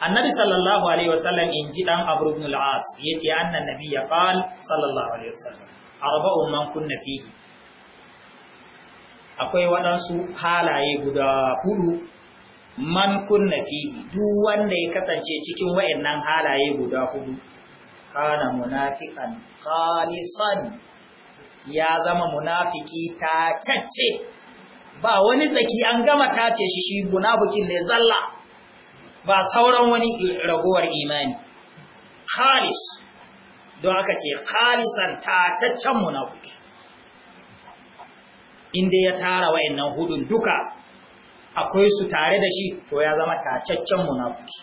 A: annabi sallallahu alaihi wa wasallam in ji dan abu ibn al-as yace annan nabi ya qal sallallahu alaihi wa wasallam arba'un man kunna fihi akwai waɗansu halaye guda hudu man kunna fihi duk wanda ya kasance cikin wayannan halaye guda hudu kana munafiqan khalisan ya zama munafiki ta tacce ba wani tsaki an gama tace shi shi munafikin ne zalla ba sauran wani ragowar imani khalis don aka ce khalisan tacaccen munafiki inda ya tara wayannan hudun duka akwai su tare da shi to ya zama tacaccen munafiki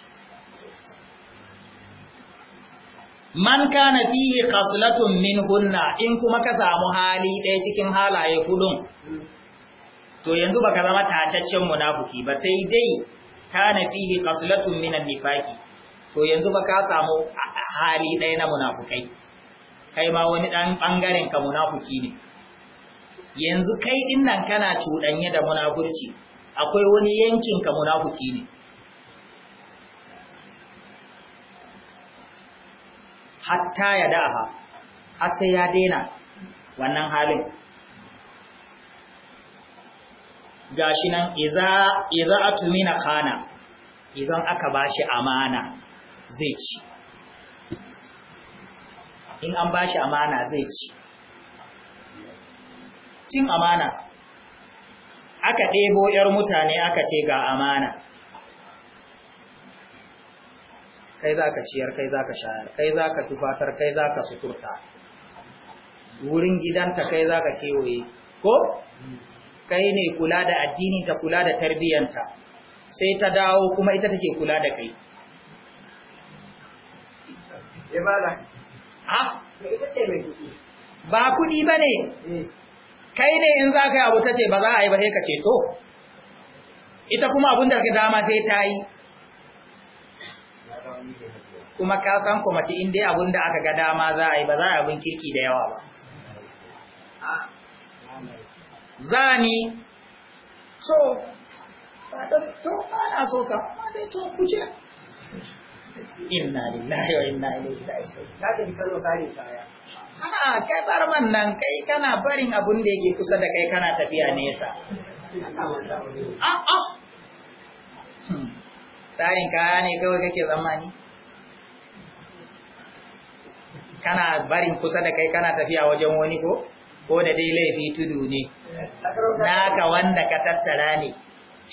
A: man kana fihi qaslatun minhunna in kuma ka samu hali ɗaya cikin halaye hudun to yanzu baka zama tacaccen munafiki ba sai dai kana fihi qaslatun minan nifaqi to yanzu baka samu hali ɗaya na munafukai kai ma wani ɗan ɓangaren ka munafuki ne yanzu kai dinnan kana cuɗanye da munafurci akwai wani yankin ka munafuki ne hatta ya da'aha har sai ya daina wannan halin gashi nan iza iza atumina khana idan aka bashi amana zai ci in an bashi amana zai ci cin amana aka ɗebo ‘yar mutane aka ce ga amana kai za ka ciyar kai za ka shayar kai za ka tufatar kai za ka suturta wurin gidanta kai za ka kewaye ko kai ne kula da addini ta kula da tarbiyyanta sai ta dawo kuma ita take kula da kai eh, ba kudi ba ne eh. kai ne in za ka yi abu ta ce ba za a yi ba sai ka ce to ita kuma abin da ka dama sai ta yi kuma ka san kuma ce inda abin da aka ga dama za a yi ba za a yi abin kirki da yawa ba ah.
B: zani so da to ana so ka ma dai to kuje inna lillahi wa inna ilaihi raji'un kaga ni kallo sai kaya
A: A'a, kai bar man nan kai kana barin abun da yake kusa da kai kana tafiya nesa. A'a. Hmm. Tsarin kaya ne kawai kake zamani? Kana barin kusa da kai kana tafiya wajen wani ko? ko da dai laifi tudu ne naka wanda ka tattara ne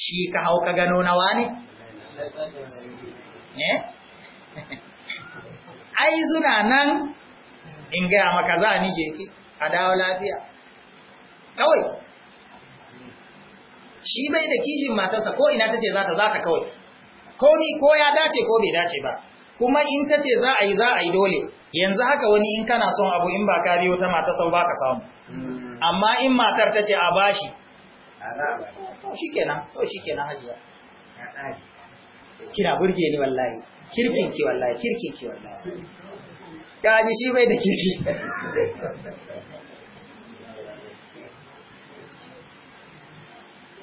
A: shi ka hau ka gano nawa ne eh? ai zuna nan in gaya maka za ni jeki a dawo lafiya kawai shi bai da kishin matarsa ko ina tace za ta za ta kawai ko ni ko ya dace ko bai dace ba kuma in tace za a yi za a yi dole yanzu haka wani in kana son abu in ba ka biyo ta mata sau ba ka samu amma in matar ta ce a bashi shi kenan to shi kenan hajiya kina burge ni wallahi kirkin ki wallahi kirkin ki wallahi ji shi bai da kirki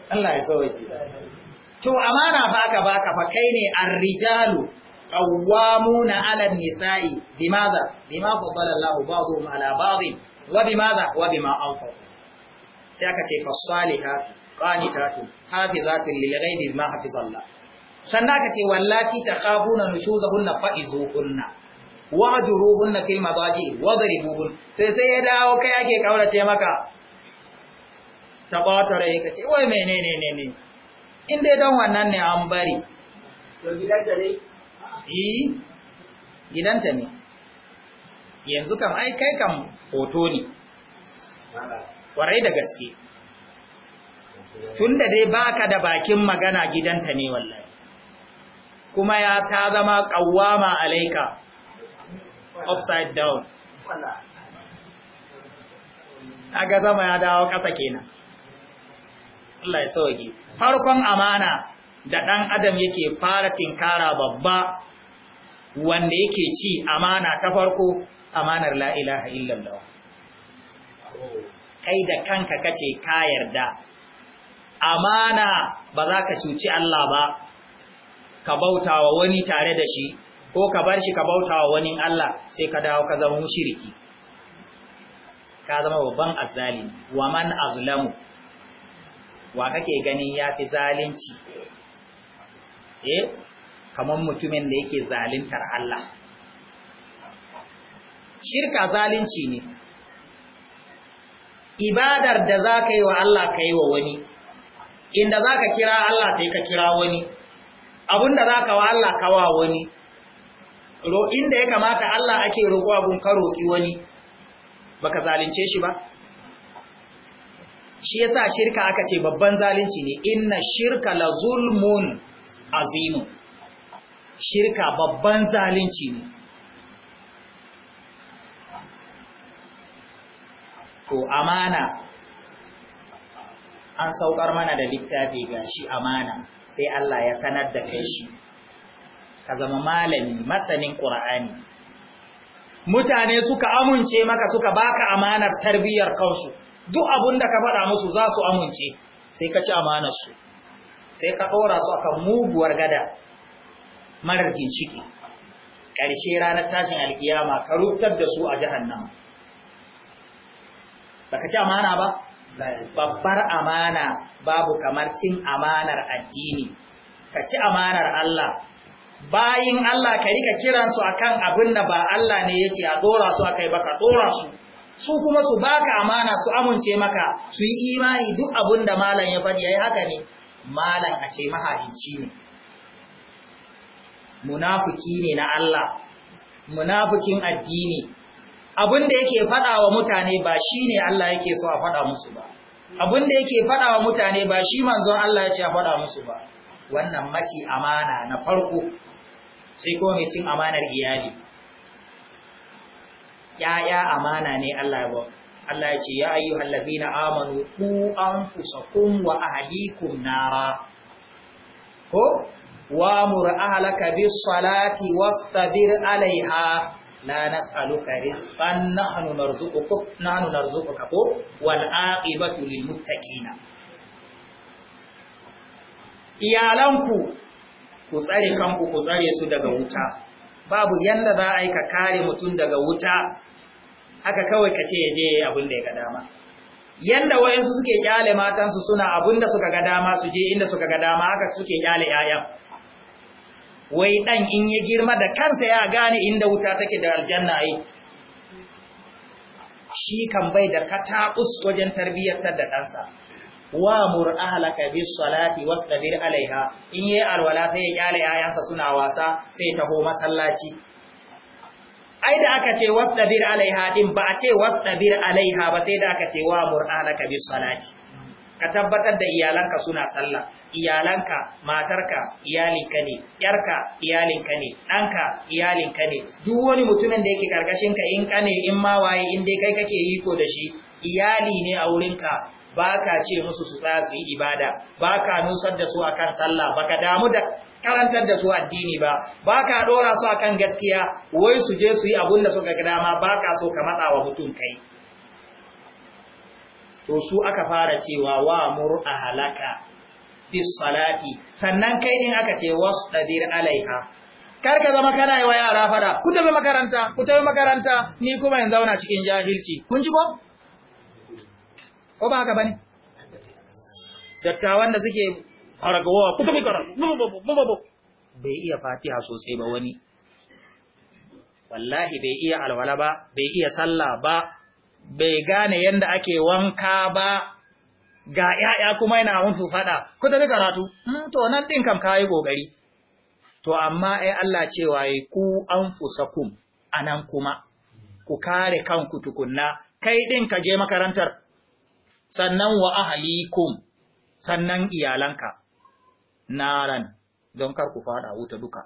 A: Allah ya sauke to amana fa ka baka fa kai ne ar-rijalu Ƙawamu na an-nisa'i bimadha bima faddala Allahu ba'dhum 'ala ba'dhin wa bimadha wa bima anfaqu sai aka ce fasalihatu qanitatu hafizatu lil-ghaibi bima hafizallah sannan aka ce wallati taqabuna nushuzahunna fa'izuhunna wahjuruhunna fil madaji wadribuhun sai sai ya dawo kai ake kaurace maka tabatare ce wai menene ne ne in dai dan wannan ne an bari to gidanta ne eh gidanta ne yanzu kan ai kai kan hoto ne kwarai da gaske tunda dai baka da bakin magana gidanta ne wallahi kuma ya ta zama kawama alaika upside down aga zama ya dawo ƙasa kenan Allah ya sauke farkon amana da ɗan adam yake fara tinkara babba wanda yake ci amana ta farko amanar la ilaha illallah kai da kanka kace ka yarda amana ba za ka cuci Allah ba ka bautawa wani tare da shi ko ka bar shi ka bautawa wani Allah sai ka dawo ka zama mushriki ka zama babban azzalimi wa man azlamu wa kake ganin ya fi zalunci eh kamar mutumin da yake zalintar Allah shirka zalunci ne ibadar da za ka yi wa Allah ka yi wa wani inda za ka kira Allah sai ka kira wani abinda za ka wa Allah ka wa wani inda ya kamata Allah ake roƙo abin ka roƙi wani ba ka zalunce shi ba shi ya sa shirka aka ce babban zalunci ne inna shirka la zulmun azimun shirka babban zalunci ne Ko amana an saukar mana da littafi ga shi amana sai Allah ya sanar da kai shi ka zama malami masanin Qur'ani mutane suka amince maka suka baka amanar tarbiyyar kansu duk da ka faɗa musu za su amince sai ka ci amanar su sai ka ɗora su akan muguwar gada marar ginciki ƙarshe ranar tashin alkiyama ka rutar da su a Ba baka ci amana ba babbar amana babu kamar cin amanar addini ka ci amanar Allah bayin Allah ka rika kiransu akan abin da ba Allah ne yake a dora su akai ba ka dora su su kuma su baka amana su amince maka su yi imani duk abin da malam ya faɗi yayi haka ne malam a ce mahaici ne munafiki ne na Allah munafikin addini abinda yake fada wa mutane ba shine Allah yake so a fada musu ba abinda yake fada wa mutane ba shi manzon Allah ya ce a fada musu ba wannan maci amana na farko sai kuma mai cin amanar iyali ya'ya amana ne Allah ya ba Allah ya ce ya ayyuhal ladina amanu ku anfusakum wa ahlikum nara ko وامر أهلك بالصلاة واصطبر عليها لا نسألك رزقا نحن نرزقك نحن نرزقك والعاقبة للمتقين iyalanku ku tsare kanku ku tsare su daga wuta babu yanda za a yi ka kare mutum daga wuta haka kawai ka ce ya je abin da ya ga dama yanda wayansu suke kyale matansu suna abin da suka ga dama su je inda suka ga dama haka suke kyale 'ya'yan wai dan in ya girma da kansa ya gane inda wuta take da aljanna ai shi kan bai da katakus wajen tarbiyyar da ɗansa wa mur'alaka bis salati wastabir alaiha in yayi alwala sai ya kyale yayansa suna wasa sai taho masallaci ai da aka ce wastabir alaiha din ba a ce wastabir alaiha ba sai da aka ce wa mur'alaka bis salati ka tabbatar da iyalanka suna sallah iyalanka matarka iyalinka ne yarka iyalinka ne ɗanka iyalinka ne duk wani mutumin da yake ka in kane in ma waye in dai kai kake yi ko da shi iyali ne a wurinka ba ka ce musu su tsaya su yi ibada ba ka nusar da su akan sallah ba ka damu da karantar da su addini ba ba ka ɗora su akan gaskiya wai su je su yi abun da suka ga dama ba ka so ka matsa wa mutum kai to su aka fara cewa wa mur ahlaka fi salati sannan kai din aka ce ɗabir' alaiha kar ka zama kana yi wa yara fada ku tafi makaranta ku tafi makaranta ni kuma in zauna cikin jahilci kun ji ko ko ba haka bane dattawan da suke faragawa ku tafi karatu bai iya fatiha sosai ba wani wallahi bai iya alwala ba bai iya sallah ba bai gane yadda ake wanka ba ga ‘ya'ya kuma yana mutu faɗa, ku tafi karatu, mm, to nan ɗin kam kayi ƙoƙari. To, amma ai Allah cewa yi ku an fusakun a nan kuma, ku kare kan ku tukunna, kai ɗin ka je makarantar, sannan wa ahalikum, sannan iyalanka, Na naran, don kar ku faɗa wuta duka.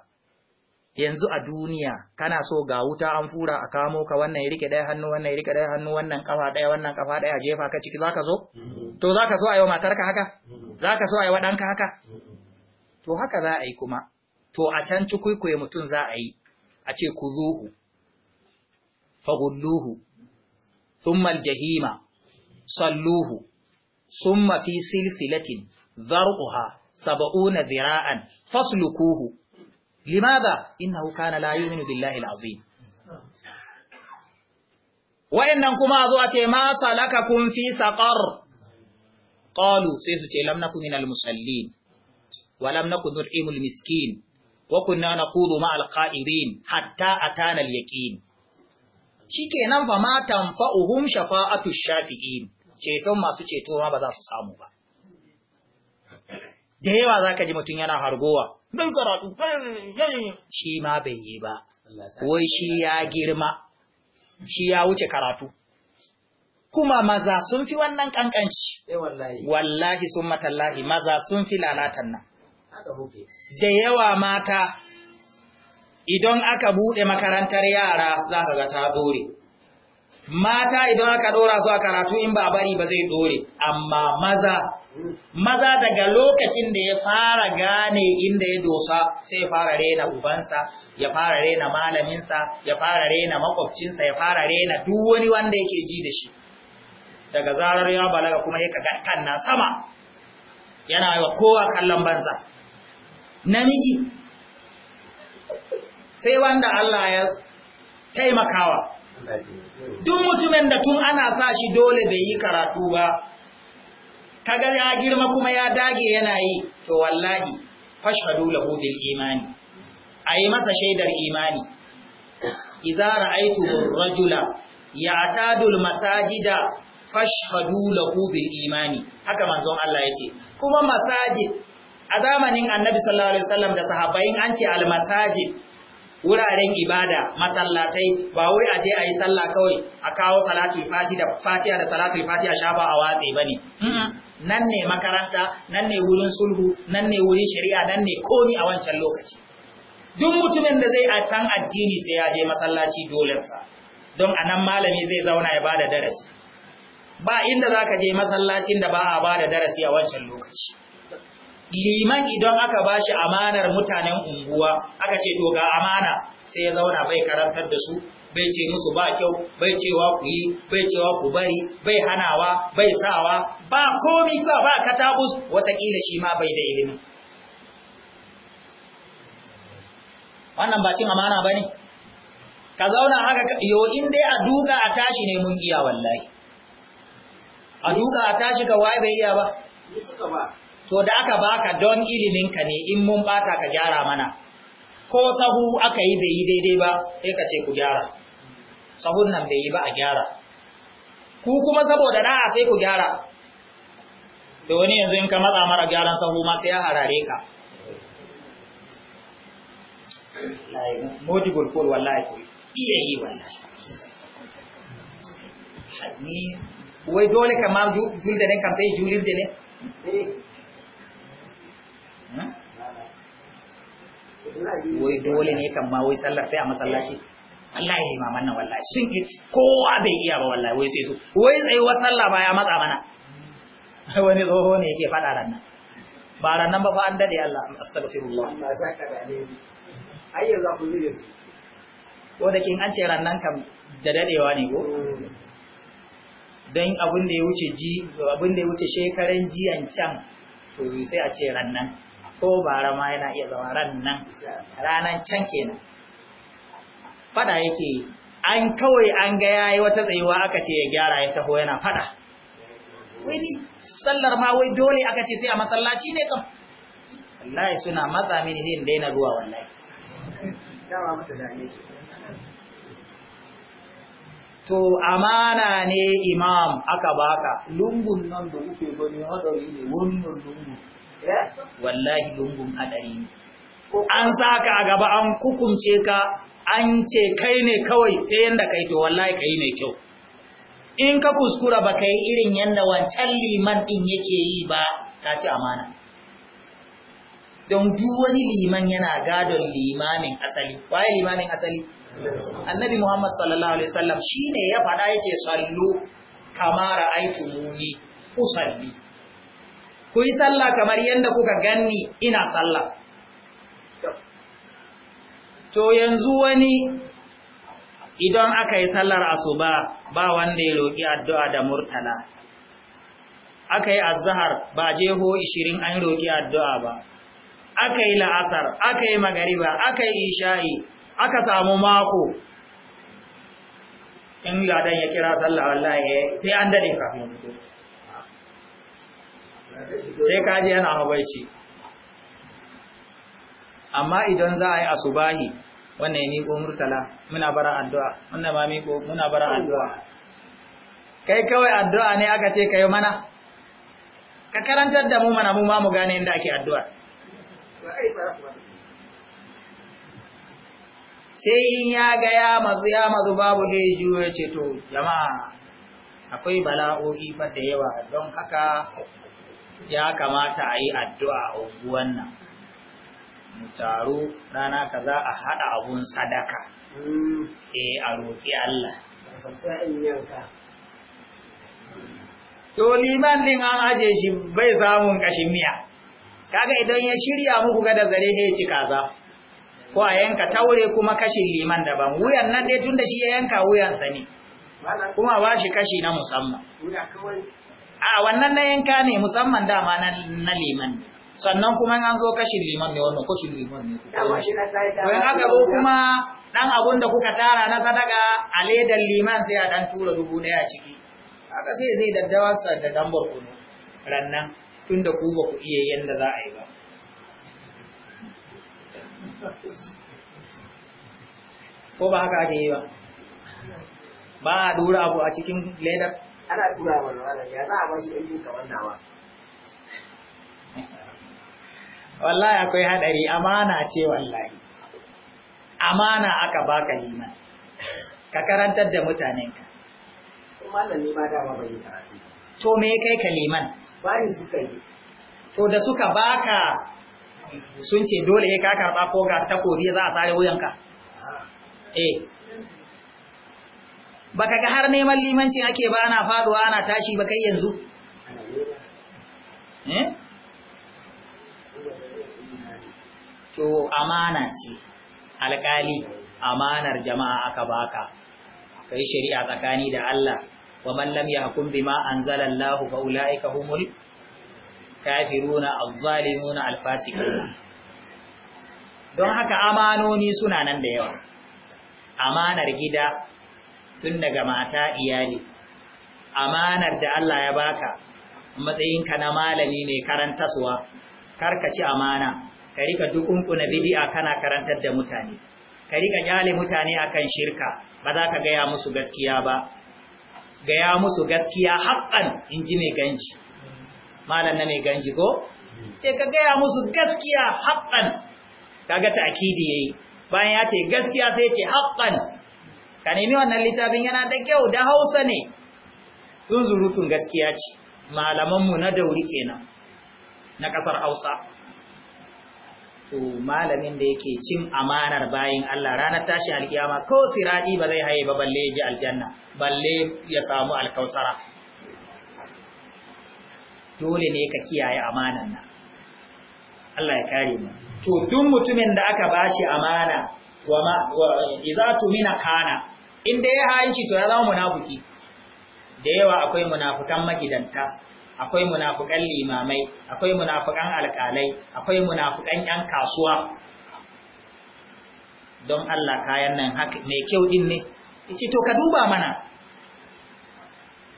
A: yanzu a duniya kana so ga wuta an fura a kamo ka wannan ya rike ɗaya hannu wannan ya rike ɗaya hannu wannan kafa ɗaya wannan kafa ɗaya jefa ka ciki zaka so to zaka so a yi wa matarka haka zaka so a yi wa ɗanka haka to haka za a yi kuma to a can cikuikuye mutum za a yi a ce ku zuhu fagulluhu thumma jahima salluhu thumma fi silsilatin zarquha sab'una dhira'an fasluquhu limadha innahu kana la yu'minu billahi alazim wa'annan kuma zo a ce ma salakakum fi saqar qalu sai su ce lam nakum musallin wa lam nakum miskin wa kunna kudu ma alƙa'irin, hatta atana al-yaqin nan fa ma fauhun shafa'atu shafi'in ceton masu ceto ma ba za su samu ba da yawa zaka ji mutum yana hargowa zan karatu shi ma bai yi ba wai shi ya girma shi ya wuce karatu kuma maza sun fi wannan kankanci eh, wallahi sun matallahi maza sun fi lalatan nan da yawa mata idan aka bude makarantar yara za ka ga ta dore mata idan aka dora su a karatu in ba bari ba zai dore amma maza maza daga lokacin da ya fara gane inda ya dosa sai ya fara rena ubansa ya fara rena malaminsa ya fara rena makwabcinsa ya fara rena duk wani wanda yake ji da shi daga zarar ya balaga kuma ya kaga kan na sama yana yi wa kowa kallon banza namiji sai wanda Allah ya taimakawa duk mutumin da tun ana sa shi dole bai yi karatu ba kaga ya girma kuma ya dage yana yi to wallahi fashhadu lahu bil imani ayi masa shaidar imani idza ra'aytu rajula ya'tadu al masajida fashhadu lahu bil imani haka manzon Allah yace kuma masajid a zamanin annabi sallallahu alaihi wasallam da sahabbain an ce al masajid wuraren ibada masallatai ba wai aje a yi sallah kawai a kawo salatul fatiha da fatiha da salatul Fatiha sha shafa a watsi ba ne nan ne makaranta nan ne wurin sulhu nan ne wurin shari'a nan ne komi a wancan lokaci duk mutumin da zai a san addini sai ya je masallaci dolensa don a nan malami zai zauna ya bada darasi ba inda za ka je masallacin da ba a bada darasi a wancan lokaci liman idan aka ba shi amanar mutanen unguwa aka ce to ga amana sai ya zauna bai karantar da su bai ce musu ba kyau bai cewa ku yi bai cewa ku bari bai hanawa bai sawa ba komi ba ba katabus watakila shi ma bai da ilimi wannan ba cin amana ba ne ka zauna haka yo in dai a duka a tashi ne mun iya wallahi a duka a tashi ka waye bai iya ba to da aka baka don ilimin ka ne in mun bata ka gyara mana ko sahu aka yi bai yi daidai ba sai ka ce ku gyara sahun nan bai yi ba a gyara ku kuma saboda da'a sai ku gyara to wani yanzu in ka matsa mara gyaran sahu ma sai ya harare ka mojibul kul wallahi ko iya yi wallahi ni wai dole ka ma da ne kam sai da ne hmm? wai dole ne kan ma wai sallar sai a masallaci wallahi limaman nan wallahi sun yi kowa bai iya ba wallahi wai sai su wai tsayuwar sallah ba ya matsa mana wani tsoho ne yake faɗa ranar ba ran nan ba fa an dade Allah astaghfirullah Allah saka da ne ai za ku zire su ko da kin an ce ranar kam da dadewa ne ko Don abin da ya wuce ji abin da ya wuce shekaran jiyan can to sai a ce ranar nan ko bara ma yana iya zama ran nan ranan can kenan fada yake an kawai an ga yayi wata tsayuwa aka ce ya gyara ya taho yana fada wai ni sallar ma wai dole aka ce sai a masallaci ne kam wallahi suna matsa mini sai in daina zuwa wallahi
B: dawa mata ne
A: to amana ne imam aka baka lungun nan da kuke gani hadari ne wannan lungun eh? wallahi lungun hadari ne an saka a gaba an kukumce ka an ce kai ne kawai sai yanda kai to wallahi kai ne kyau in ka kuskura ba ka yi irin yadda wancan liman ɗin yake yi ba ta ci amana don wani liman yana gadon limamin asali waye limamin asali annabi muhammad sallallahu alaihi wasallam shi ne ya faɗa yake sallu kamara aiki muni ku salli ku yi sallah kamar yadda kuka ganni ina sallah to yanzu wani idan aka yi sallar asuba ba wanda ya roƙi addu'a da murtala aka yi azahar ba jeho 20 an roƙi addu'a ba aka yi la'asar aka yi magariba aka yi isha'i aka samu mako in ladan ya kira sallah wallahi eh, sai an dade kafin ko. sai kaji yana habaici amma idan za a yi asubahi wannan ya miƙo murtala muna bara addu'a wannan ma miƙo muna bara addu'a kai kawai addu'a ne aka ce kai mana ka karantar da mu mana mu ma mu gane inda ake addu'a sai in ya ga ya mazu ya mazu babu heju ya ce to jama'a akwai bala'o'i fa da yawa don haka ya kamata a yi addu'a a wannan nan mu taro rana kaza a haɗa abun sadaka mm. eh a roƙi Allah to liman din an aje shi bai samun kashin miya kaga idan ya shirya muku ga da zare ya ci kaza ko a yanka taure kuma kashin liman daban wuyan nan dai tunda shi ya yanka wuyansa ne kuma ba shi kashi na musamman a wannan na yanka ne musamman dama na liman ne sannan kuma an zo kashin liman ne wannan kashin liman ne to in aka zo kuma dan abun da kuka tara na sadaka a ledan liman sai a dan tura dubu a ciki aka sai zai daddawa sa da ku barkono rannan tunda ku ba ku iya yanda za a yi ba ko ba haka ake yi ba ba a dura abu a cikin ledar
B: ana tura wannan ya za a bashi ɗin kamar nawa
A: wallahi akwai hadari amana ce wallahi amana aka baka liman ka karantar da mutanen ka to me kai ka liman bani suka yi to da suka baka sun ce dole ka karba ko ga takobi za a sare wuyanka ah. eh baka ga har neman limanci ake ba ana faduwa ana tashi ba kai yanzu eh to amana ce alƙali amanar jama'a aka baka kai shari'a tsakani da Allah wa man lam yahkum bima anzala Allah fa ulaika humul kafiruna adh-dhalimuna al-fasiquna don haka amanoni suna nan da yawa amanar gida tun daga mata iyali amanar da Allah ya baka matsayinka na malami mai karantaswa ci amana ka rika dukunkuna bidi'a kana karantar da mutane ka rika kyale mutane akan shirka ba za ka gaya musu gaskiya ba gaya musu gaskiya haƙan in ji mai ganji malam na mai ganji ko ce ka gaya musu gaskiya haƙan kaga akidi yayi bayan ya ce gaskiya sai ce haƙan ka nemi wannan littafin yana da kyau da Hausa ne zurutun gaskiya ce malamanmu na dauri kenan na ƙasar Hausa to malamin da yake cin amanar bayin Allah ranar tashi alkiyama ko siradi ba zai haye ba balle ji aljanna balle ya samu alkausara dole ne ka kiyaye amanan nan Allah ya kare mu to duk mutumin da aka bashi amana wa ma idza tumina kana inda ya hayanci to ya zama munafiki da yawa akwai munafukan magidanta akwai munafukan limamai akwai munafukan alƙalai akwai munafukan ƴan kasuwa don Allah kayan nan haka. mai kyau din ne yace to ka duba mana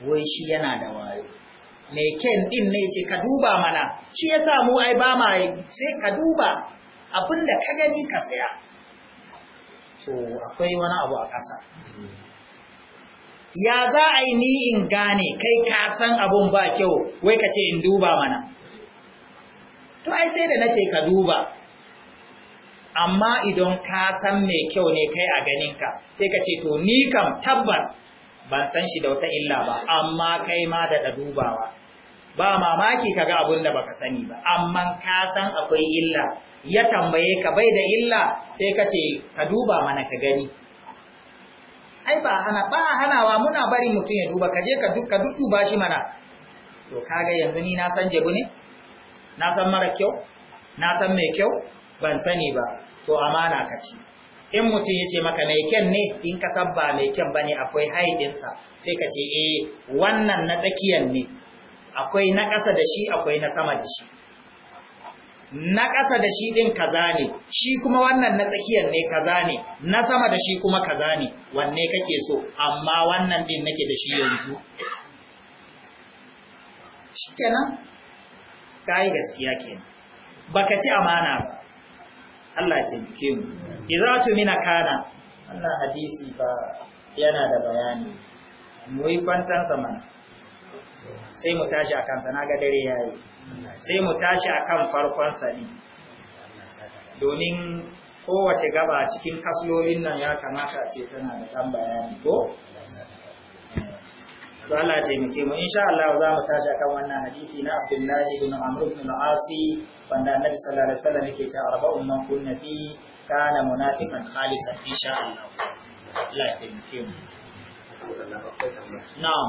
A: wai shi yana da wayo mai kyan din ne yace ka duba mana shi ya samu ai ba ma sai ka duba abinda ka gani ka saya to akwai wani abu a ƙasa ya za a yi ni in gane kai kasan abun ba kyau wai ka ce in duba mana to ai sai da nace ka duba amma idan kasan mai kyau ne kai a ganinka sai ka ce to ni kam tabbas ban san shi da wata illa ba amma kai ma da da dubawa ba mamaki ka ga abun da baka sani ba amma kasan san akwai illa ya tambaye ka bai da illa sai ka ce ka duba mana ka gani ai ba hana ba hanawa muna bari mutum ya duba kaje ka duk duba shi mana to kaga yanzu ni na san jebu ne na san mara kyau na san mai kyau ban sani ba to amana ka ci in mutum ya ce maka mai kyan ne in ka san ba mai kyan bane akwai haidinsa sai ka ce eh wannan na tsakiyan ne akwai na ƙasa da shi akwai na sama da shi na ƙasa da shi ɗin kaza ne shi kuma wannan na tsakiyar ne kaza ne na sama da shi kuma kaza ne wanne kake so amma wannan ɗin nake da shi yanzu
C: shi kenan
A: ka yi gaskiya kenan ka ci amana ba Allah ya taimake mu tu mina kana wannan hadisi ba yana da bayani mu yi kwantansa mana sai mu tashi a kansa na ga dare yayi sai mu tashi a kan farkon sani domin kowace gaba cikin kaslolin nan ya kamata ce tana da ɗan bayani ko? to ce taimake mu insha Allah za mu tashi akan wannan hadisi na Abdullahi ibn Amr ibn al-Asi wanda Annabi sallallahu alaihi wasallam yake cewa arba'un man kunna fi kana munafiqan khalisan insha Allah Allah ya taimake mu na'am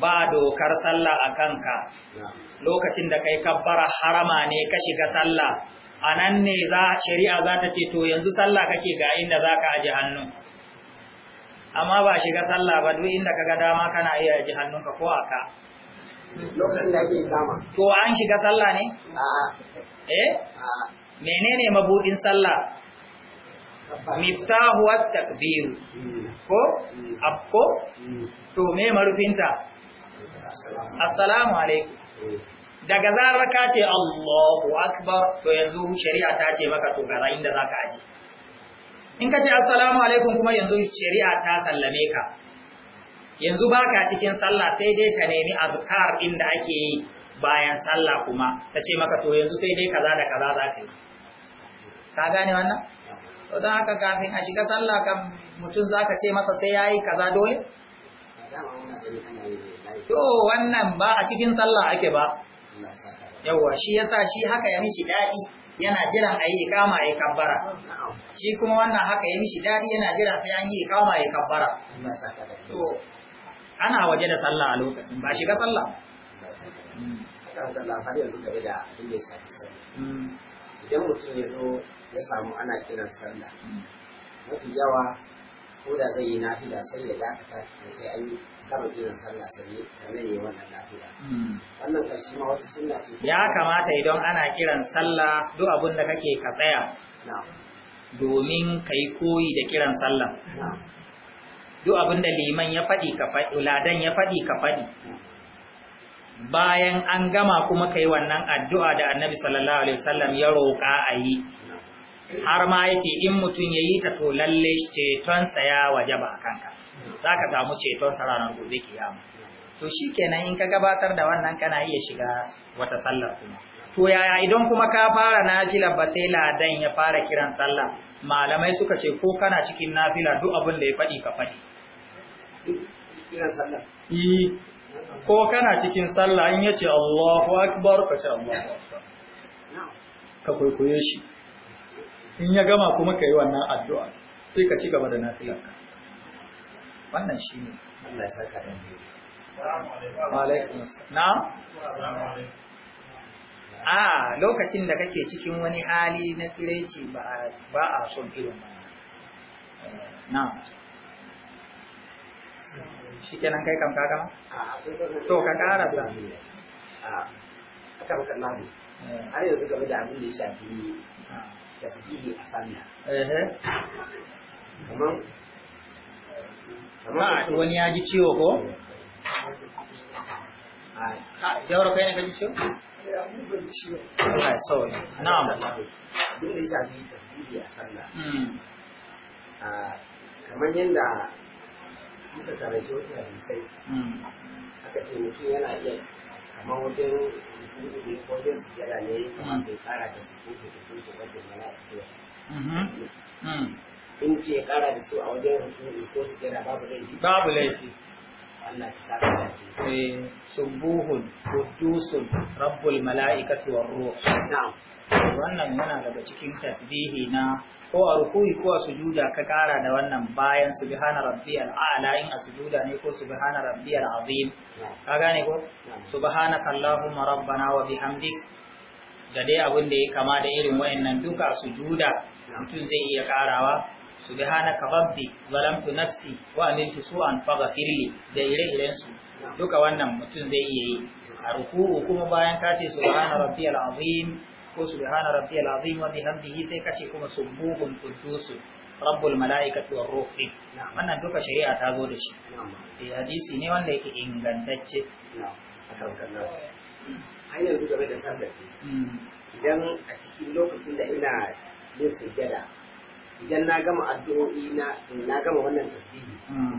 A: ba dokar sallah a kanka lokacin da kai kabbara harama ne ka shiga sallah a nan ne za shari'a za ta ce to yanzu sallah kake ga inda za ka aji hannu amma ba shiga sallah ba duk inda kaga dama kana iya aji hannunka ko a ka lokacin da to an shiga sallah ne a'a eh a'a menene mabudin sallah miftahu takbiru takbir hmm. ko hmm. abko hmm. to me marufinta assalamu alaikum daga zarar ka ce Allahu akbar to yanzu shari'a ta ce maka to ga inda zaka aje in ka ce assalamu alaikum kuma yanzu shari'a ta sallame ka yanzu baka cikin sallah sai dai ka nemi azkar inda ake yi bayan sallah kuma ta ce maka to yanzu sai dai kaza da kaza zaka yi ka gane wannan to dan haka kafin a shiga sallah kan mutum zaka ce masa sai yayi kaza dole to wannan ba a cikin sallah ake ba Yawwa shi ya sa shi haka ya mishi daɗi yana jiran a yi ikama ya kabbara shi kuma wannan haka ya mishi daɗi yana jiran sai an yi ikama ya kabbara to ana waje da sallah a lokacin ba shiga sallah
B: hmm. idan mutum ya zo ya samu ana kiran sallah hmm. mafi yawa ko da zai yi da sai ya dakata sai an yi kama sallah wannan lafiya. Hmm. Wannan wata sunna ce. Ya kamata idan
A: ana kiran sallah duk abin da kake ka tsaya. Domin kai koyi da kiran sallah. Duk abin da liman ya faɗi ka faɗi, ladan ya faɗi ka faɗi. Bayan an gama kuma ka yi wannan addu'a da annabi sallallahu Alaihi wasallam ya roƙa a yi. Har ma yake in mutum ya yi ta to lalle cetonsa ya waje ba kanka. za ka samu ceton ranar gobe kiyama to shi kenan in ka gabatar da wannan kana iya shiga wata sallar kuma to yaya idan kuma ka fara nafila ba sai ladan ya fara kiran sallah malamai suka ce ko kana cikin nafila duk abin da ya faɗi ka faɗi
B: eh,
A: ko kana cikin sallah in yace Allahu akbar ka ce Allahu akbar ka kwaikwaye shi in ya gama kuma ka yi wannan addu'a sai ka ci gaba da nafilarka wannan shi ne Allah ya saka ɗan biyu na? a lokacin da kake cikin wani hali na tsiraici ba a son irin ba eh, na shi kenan kai kam ka ma
B: to ka kara karasa aka maka lamu har yanzu game da abin da ya shafi tasbihi ah. a samiya eh, eh. kamar
A: wani ya ji ciwo ko
B: jawar kai ne ka ji ciwo Allah ya
A: abin
B: da ya shafi a sallah kamar yadda muka karanci wata hadisai hmm. aka ce mutum yana iya kamar wajen wajen sujada ne hmm. kamar sai kara da su da su ko da in ce kara da su a wajen rufin ko su kira babu laifi babu laifi Allah ta saka da shi eh, subuhun qudusun
A: rabbul mala'ikati war ruh na'am wannan yana daga cikin tasbihi na ko a rukuyi ko a sujuda ka kara da wannan bayan subhana rabbiyal a'la in a sujuda ne ko subhana rabbiyal azim ka gane ko subhanaka allahumma rabbana wa bihamdik da dai abin da ya kama da irin wayannan duka sujuda mutum zai iya karawa subhanaka rabbi zalamtu nafsi wa amiltu su'an faghfirli da ire-iren su duka wannan mutum zai iya yi a ruku'u kuma bayan ka ce subhana rabbiyal azim ko subhana rabbiyal azim wa bihamdihi sai ka ce kuma subuhun quddusun rabbul mala'ikati war ruhi wannan duka shari'a ta zo da shi eh hadisi ne wanda yake ingantacce har
B: yanzu game da sallar hmm. idan a cikin lokacin da ina yin sujjada idan na gama addu'o'i na na gama wannan tasbihi hmm.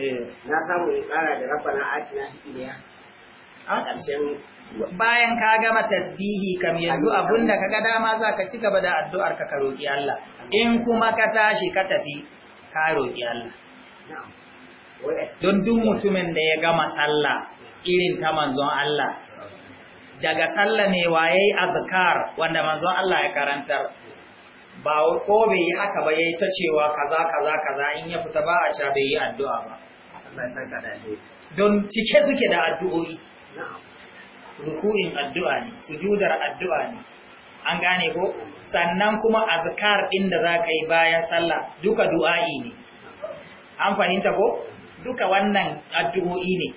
B: eh. na samu in tsara da rabbana atina fi a
A: ƙarshen bayan ka gama tasbihi kam yanzu abunda ka ga dama za ka ci gaba da addu'ar ka ka roƙi Allah in kuma ka tashi ka tafi ka roƙi Allah don duk mutumin da ya gama sallah irin ta manzon Allah daga Sallah mai waye azkar wanda manzon Allah ya karantar ba ko bai yi haka ba yayi ta cewa kaza kaza kaza in ya fita ba a ca bai yi addu'a ba don cike suke da addu'o'i ruku'in addu'a ne sujudar addu'a ne an gane ko sannan kuma azkar din da zaka yi bayan sallah duka du'a'i ne an fahimta ko duka wannan addu'o'i ne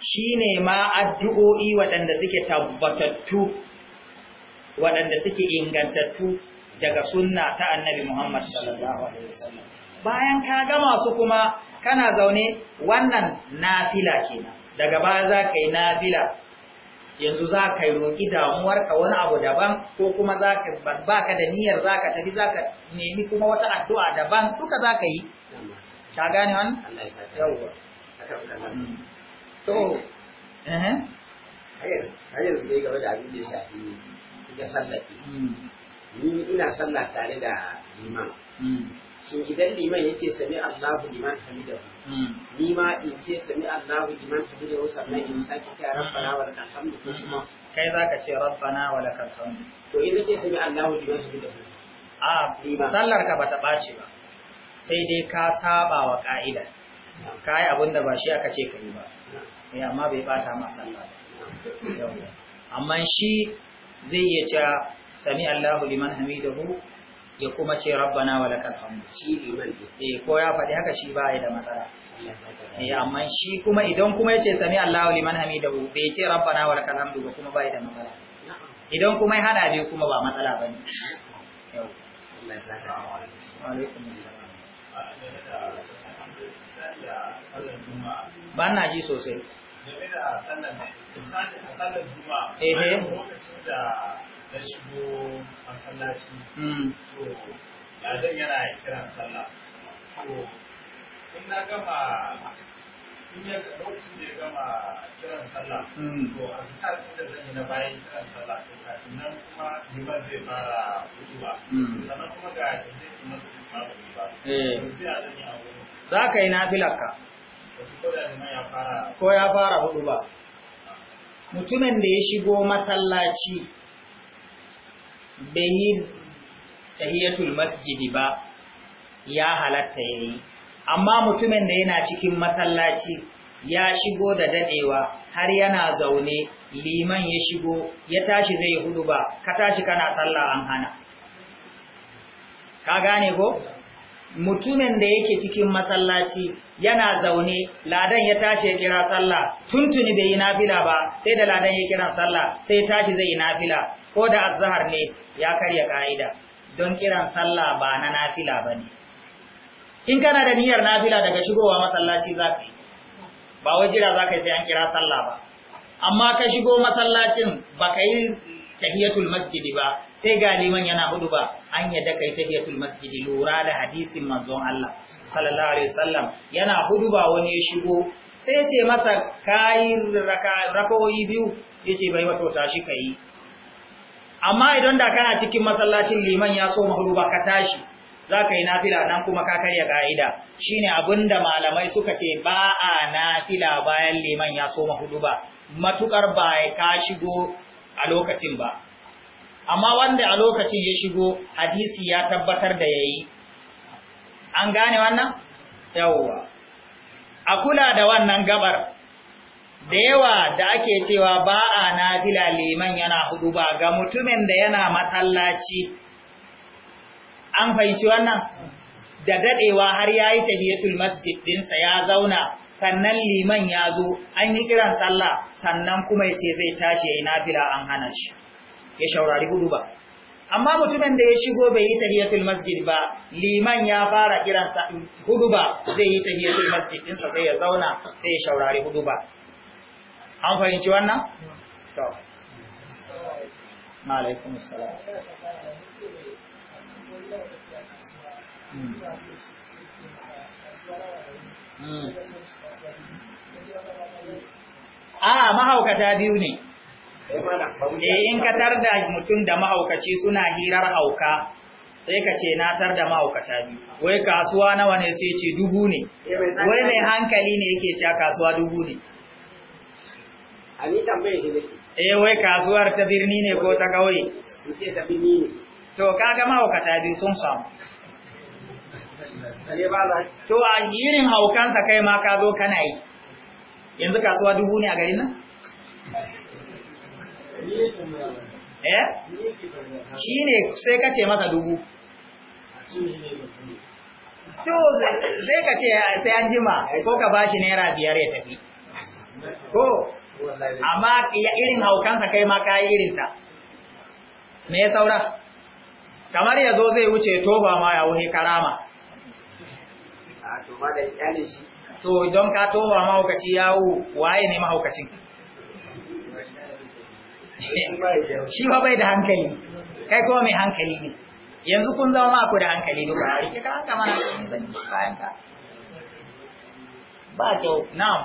A: shine ma addu'o'i waɗanda suke tabbatattu waɗanda suke ingantattu daga sunna ta annabi Muhammad sallallahu alaihi wasallam bayan ka gama su kuma kana zaune wannan nafila kenan daga baya za ka yi nafila yanzu za ka yi roƙi damuwarka wani abu daban ko kuma za ka baka da niyyar za ka tafi za ka nemi kuma wata addu'a daban duka za ka yi ta gane wani?
B: yauwa mm. to eh, eh. har yanzu dai gaba da abin da ya shafi ya sallaki. ni ina sallah tare da
C: liman hmm.
B: shin idan liman yake sami Allahu liman hamidahu hmm. ni ma in ce sami Allahu liman hamidahu sannan in saki ta rabbana
A: wa lakal hamdu ko hmm. kuma kai zaka ce rabbana wa lakal hamdu to in ce sami Allahu liman hamidahu a sallar ka bata bace ba sai dai ka saba wa ka'ida yi abin da ba shi aka ce kai ba eh amma bai bata ma sallah amma shi zai iya cewa sami Allahu liman hamidahu ya kuma ce rabbana wa lakal hamd shi liman eh ko ya faɗi haka shi ba ya da matsala eh amma shi kuma idan kuma yace sami Allahu liman hamidahu bai ce rabbana wa lakal hamd ba kuma ba ya da matsala idan kuma ya hada bai kuma ba matsala bane
B: yau Allah ya saka wa alaikum assalam ba na ji sosai game da sallar juma'a eh eh na shigo masallaci hmm. to ɗazan yana kiran sallah na gama in ya lokacin da kiran sallah hmm. to zan yi na bayan kiran sallah eh. zan yi abu za ko ya
A: fara hudu ba mutumin da ya shigo masallaci bai yi tahiyatul masjidi ba ya halatta ya yi amma mutumin da yana cikin masallaci ya shigo da dadewa har yana zaune liman ya shigo ya tashi zai hudu ba ka tashi kana sallah an hana ka gane ko mutumin da yake cikin masallaci yana zaune ladan ya tashi ya kira sallah tuntuni bai yi nafila ba sai da ladan ya kira sallah sai tashi zai yi nafila ko da azhar ne ya karya ka'ida don kiran sallah ba na nafila bane in kana da niyyar nafila daga shigowa masallaci zaka yi ba wajira zaka yi sai an kira sallah ba amma ka shigo masallacin baka yi tahiyatul masjidi ba sai ga liman yana hudu ba an yadda kai tahiyatul masjid lura da hadisin manzon Allah sallallahu alaihi wasallam yana hudu ba wani ya shigo sai ce masa kai rakawoyi biyu yace bai wato tashi kai amma idan da kana cikin masallacin liman ya so hudu ba ka tashi zaka yi nafila nan kuma ka karya ka'ida shine abinda malamai suka ce ba a nafila bayan liman ya so hudu ba matukar ba ka shigo a lokacin ba amma wanda a lokacin ya shigo hadisi ya tabbatar da yayi an gane wannan yawwa a kula da wannan gabar da yawa da ake cewa ba a nafila liman yana hudu ba ga mutumin da yana masallaci an fahimci wannan da dadewa har yayi tahiyatul masjid ɗinsa ya zauna sannan liman ya zo an yi kiran sallah sannan kuma ya ce zai tashi ya yi nafila an hana shi ya shaurari hudu ba amma mutumin da ya shigo bai yi tahiyatul masjid ba liman ya fara kiran hudu ba zai yi tahiyatul masjid ɗinsa sai ya zauna sai ya shaurari hudu ba an fahimci wannan? to
B: ma'alaikun salam
C: Hmm.
A: a mahaukata biyu ne E, in ka tarda mutum da mahaukaci suna hirar hauka sai ka ce na tar mahauka ma'aukata biyu wai kasuwa nawa ne sai ce dubu ne eh, wai mai hankali ne yake cewa kasuwa dubu ne a ni tambaye shi wai kasuwar ta birni ne ko ta kauye ce ta birni ne to kaga mahaukata biyu sun samu to a irin haukansa kai ma ka zo kana yi yanzu kasuwa dubu ne a garin nan
B: eh shi
A: ne sai ka ce masa dubu to sai ka ce sai an jima ko ka ba shi naira biyar ya tafi ko amma irin haukansa kai ma ka yi irinta me ya saura kamar ya zo zai wuce toba ma ya wuce karama magani kyale shi to don ka towa mahaukaci yawo waye ne mahaukacin shi ba bai da hankali kai kuma mai hankali ne yanzu kun zama mako da hankali duka a rike ka hanka mana shi zan yi bayan ka ba kyau na'am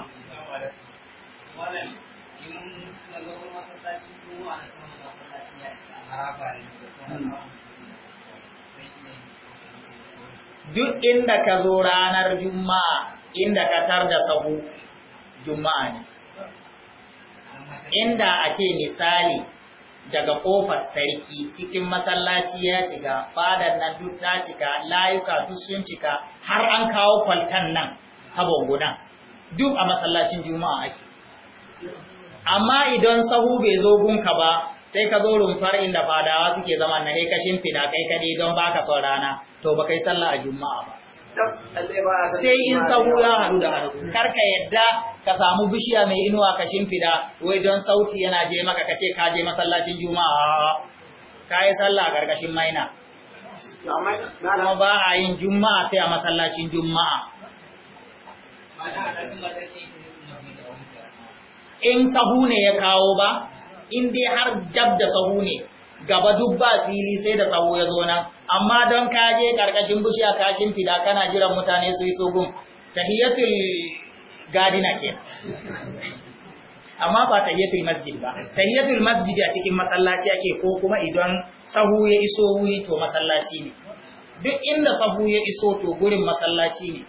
B: masallaci ko
A: duk inda ka zo ranar juma'a inda ka tar da sahu juma'a ne inda ake misali daga kofar sarki cikin masallaci ya cika fadar nan duk ta cika layuka duk sun cika har an kawo kwaltan nan ta guda duk a masallacin juma'a ake amma idan sahu bai zo gunka ba sai ka zo rumfar inda fadawa suke zama na kai kashin fina kai kadai don baka son rana to ba kai sallah a juma'a ba
B: sai in sahu ya haɗu
A: da haɗu karka yadda ka samu bishiya mai inuwa ka shimfida wai don sauti yana je maka ka ce ka je masallacin juma'a ka yi sallah a ƙarƙashin maina kuma ba a yin juma'a sai a masallacin juma'a in sahu ne ya kawo ba in dai har dab da sahu ne gaba duk ba fili sai da tsawo ya zo nan amma don ka je karkashin bishiya kashin fida, kana jiran mutane su yi sogun tahiyatul gadina ke amma ba tahiyatul masjid ba tahiyatul masjid a cikin masallaci ake ko kuma idan sahu ya iso wuri to masallaci ne duk inda sahu ya iso to gurin masallaci ne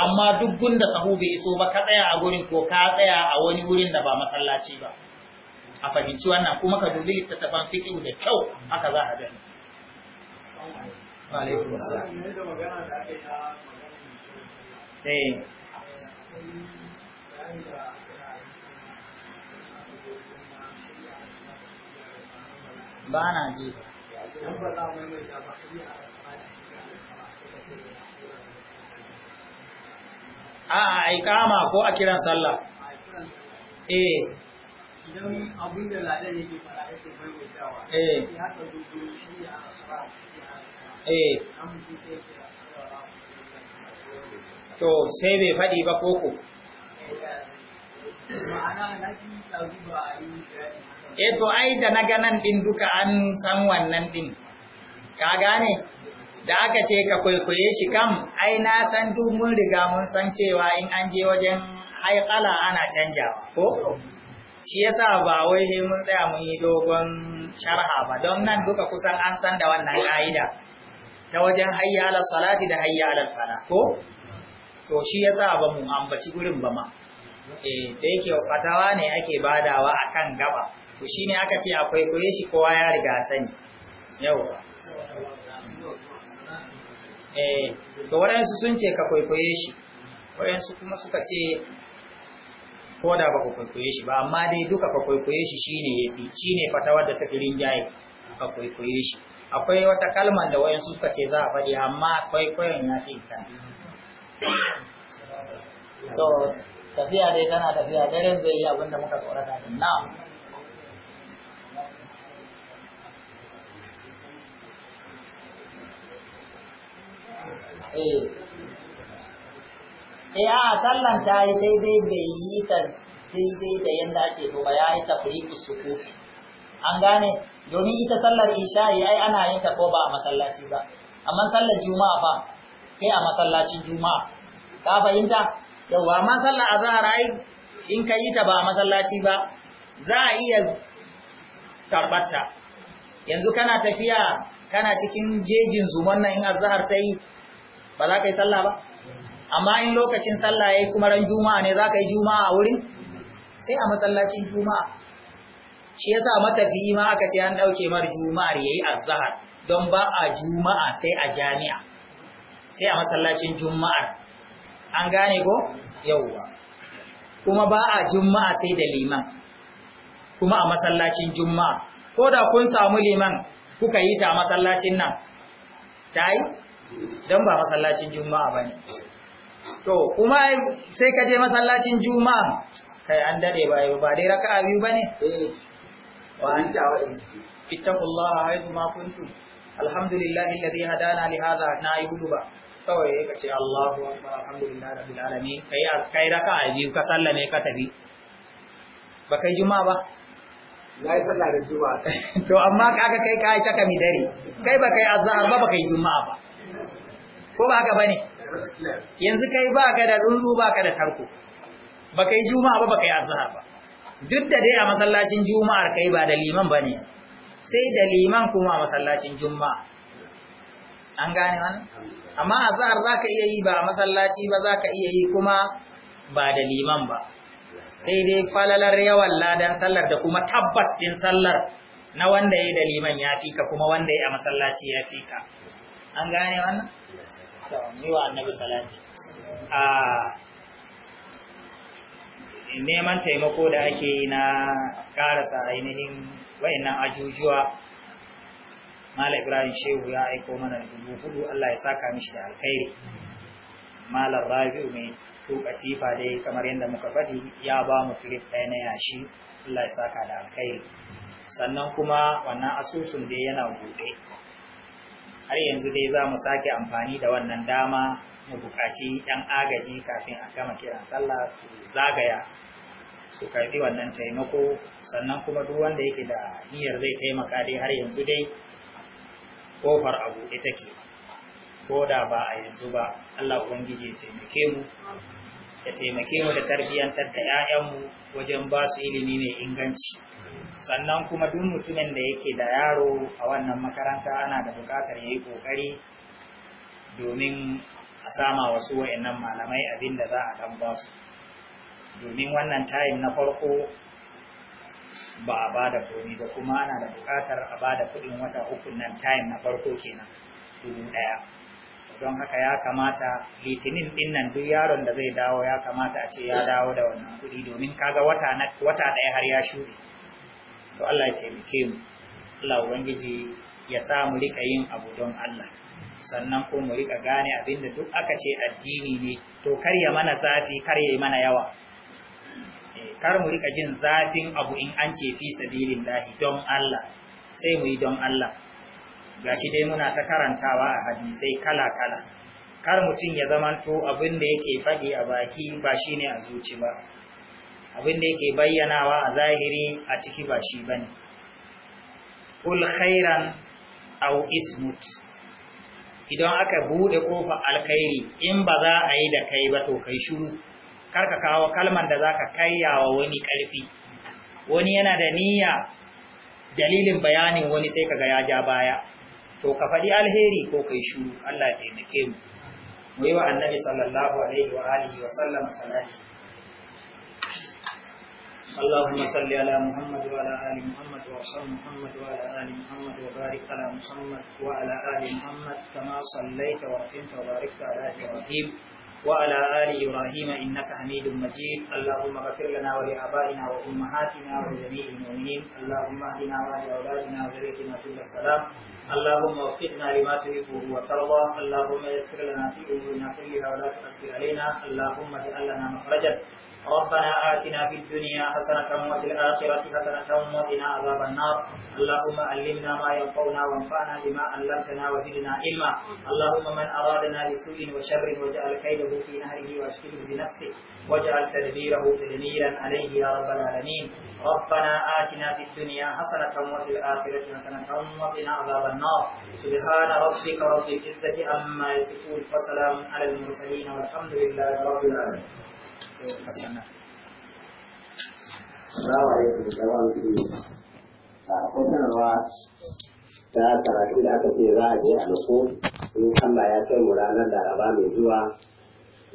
A: amma duk gunda sahu bai iso ba ka tsaya a gurin ko ka tsaya a wani wurin da ba masallaci ba a fahimci wannan kuma ka dubi littattafan fiqh da kyau haka za a gani
B: alaikum assalam
A: eh ba na ji a ikama ko a kiran sallah eh
B: idan abin
A: to sai bai faɗi ba koko E, eh, to ai da na ganan din duka an san wannan din ka gane da aka ce ka kwaikwaye shi kam ai na san duk mun riga mun san cewa in an je wajen haikala ana canjawa ko shi ya sa ba wai sai mun tsaya mun yi dogon sharha ba don nan duka kusan an san da wannan ka'ida ta wajen hayya ala salati da hayya ala fala ko to shi ya sa ba mu ambaci gurin ba ma eh da yake fatawa ne ake badawa akan gaba to shine aka ce akwai koye shi kowa ya riga sani yawa eh to waɗansu sun ce ka kwaikwaye shi waɗansu kuma suka ce ko da ba ku kwaikwaye shi ba amma dai duka ka kwaikwaye shi shine yafi shine fatawar da ta fi rinjaye ka kwaikwaye shi akwai wata kalmar da wayan suka ce za a faɗi amma kwaikwayon ya fi kan
B: to tafiya dai tana tafiya daren zai yi abin
A: muka tsorata din na.
B: eh ya eh, a sallan ta yi daidai da yi ta daidai da yadda ake so ba ya yi
A: su kufi an gane domin ita sallar isha'i ai ana yin ta ko ba a masallaci ba amma sallar juma'a ba sai a masallacin juma'a ka fahimta yawa amma sallar a ai in ka yi ta ba a masallaci ba za a iya karbarta yanzu kana tafiya kana cikin jejin zuman nan in zahar ta yi ba za ka yi sallah ba amma in lokacin sallah yayi kuma ran juma'a ne zaka yi juma'a a wurin sai a masallacin juma'a shi yasa matafiyi ma aka ce an dauke mar juma'ar yayi azhar don ba a juma'a sai a jami'a sai a masallacin juma'ar an gane ko yauwa kuma ba a juma'a sai da liman kuma a masallacin juma'a ko da kun samu liman kuka yi ta masallacin nan ta yi don ba masallacin juma'a ba ne to kuma sai ka je masallacin juma'a kai an dade ba ba dai raka'a biyu bane eh wa anta wa ittaqullaha haythu ma kuntum alhamdulillahi alladhi hadana li hadha na yudu ba kawai ka ce Allahu akbar alhamdulillahi rabbil alamin kai kai raka'a biyu ka sallame ka tafi ba kai juma'a ba lai sallar sallah da juma'a to amma kaga kai ka aisha ka kai ba kai azhar ba ba kai juma'a ba ko ba haka bane yanzu kai ba ka da dundu ba ka da tarko ba ka yi juma'a ba ba ka yi azahar ba duk da dai a masallacin juma'ar kai ba da liman ba ne sai da liman kuma a masallacin juma'a an gane wani amma azahar za ka iya yi ba a masallaci ba za ka iya yi kuma ba da liman ba sai dai falalar yawan ladan sallar da kuma tabbas ɗin sallar na wanda ya da liman ya fika kuma wanda ya a masallaci ya fika an gane wannan yiwa annabi salati a neman taimako da ake yi na karasa ainihin wayannan ajujuwa Malam Ibrahim Shehu ya aiko mana dubu hudu Allah ya saka mishi da alkhairi Malam Rabi'u mai tuka tifa dai kamar yadda muka faɗi ya ba mu clip ɗaya na yashi Allah ya saka da alkhairi sannan kuma wannan asusun dai yana buɗe har yanzu dai za mu sake amfani da wannan dama mu buƙaci 'yan agaji kafin a gama kiran sallah su zagaya su karbi wannan taimako sannan kuma duk wanda yake da niyyar zai taimaka dai har yanzu dai kofar abu ita ke, ko da ba a yanzu ba Allah ubangiji ya taimake mu ya taimake mu da tarbiyyantar da 'ya'yanmu wajen ba su ilimi mai inganci sannan kuma duk mutumin da yake da yaro a wannan makaranta ana da bukatar ya yi kokari domin a sama wasu wa'annan malamai abin da za a dan ba su domin wannan tayin na farko ba a ba da komi ba kuma ana da bukatar a ba da kudin wata uku nan tayin na farko kenan dubu daya don haka ya kamata litinin din nan duk yaron da zai dawo ya kamata a ce ya dawo da wannan kudi domin kaga wata wata daya har ya shuɗe to Allah ya taimake mu Allah ubangiji ya sa mu rika yin abu don Allah sannan ko mu rika gane abinda duk aka ce addini ne to kar ya mana zafi kar ya mana yawa eh, kar mu rika jin zafin abu in an ce fi sabilillahi don Allah sai mu yi don Allah gashi dai muna ta karantawa a hadisai kala-kala kar mutum ya zamanto abin da yake faɗi a baki ba shine a zuci ba abin da yake bayyanawa a zahiri a ciki ba shi ba ne khairan au ismut idan aka buɗe ƙofa alkhairi in ba za a yi da kai ba to kai shuru karka kawo kalman da za ka wa wani ƙarfi wani yana da niyya dalilin bayanin wani sai kaga ya ja baya to ka faɗi alheri ko kai shuru Allah ya taimake mu mu yi annabi sallallahu alaihi wa alihi wa sallama salati اللهم صل على محمد وعلى آل محمد وارحم محمد وعلى آل محمد وبارك على محمد وعلى آل محمد كما صليت ورحمت وباركت على إبراهيم وعلى آل إبراهيم إنك حميد مجيد اللهم اغفر لنا ولآبائنا وأمهاتنا ولجميع المؤمنين اللهم اهدنا واهد أولادنا وذريتنا سبل السلام اللهم وفقنا لما تحبه وترضى اللهم يسر لنا في أمورنا كلها ولا تؤثر علينا اللهم اجعل لنا مخرجا ربنا آتنا في الدنيا حسنة وفي الآخرة حسنة وقنا عذاب النار اللهم علمنا ما ينفعنا وانفعنا بما علمتنا وزدنا علما اللهم من أرادنا بسوء وشر واجعل كيده في نهره واشكله بنفسه واجعل تدبيره تدميرا عليه يا رب العالمين ربنا آتنا في الدنيا حسنة وفي الآخرة حسنة وقنا عذاب النار سبحان ربك رب العزة عما يصفون فسلام على المرسلين والحمد لله رب
B: العالمين hasana Assalamu alaikum jama'a a kusurwa ta karatu da aka ce za a je a nuku in Allah ya kai mu ranar laraba mai zuwa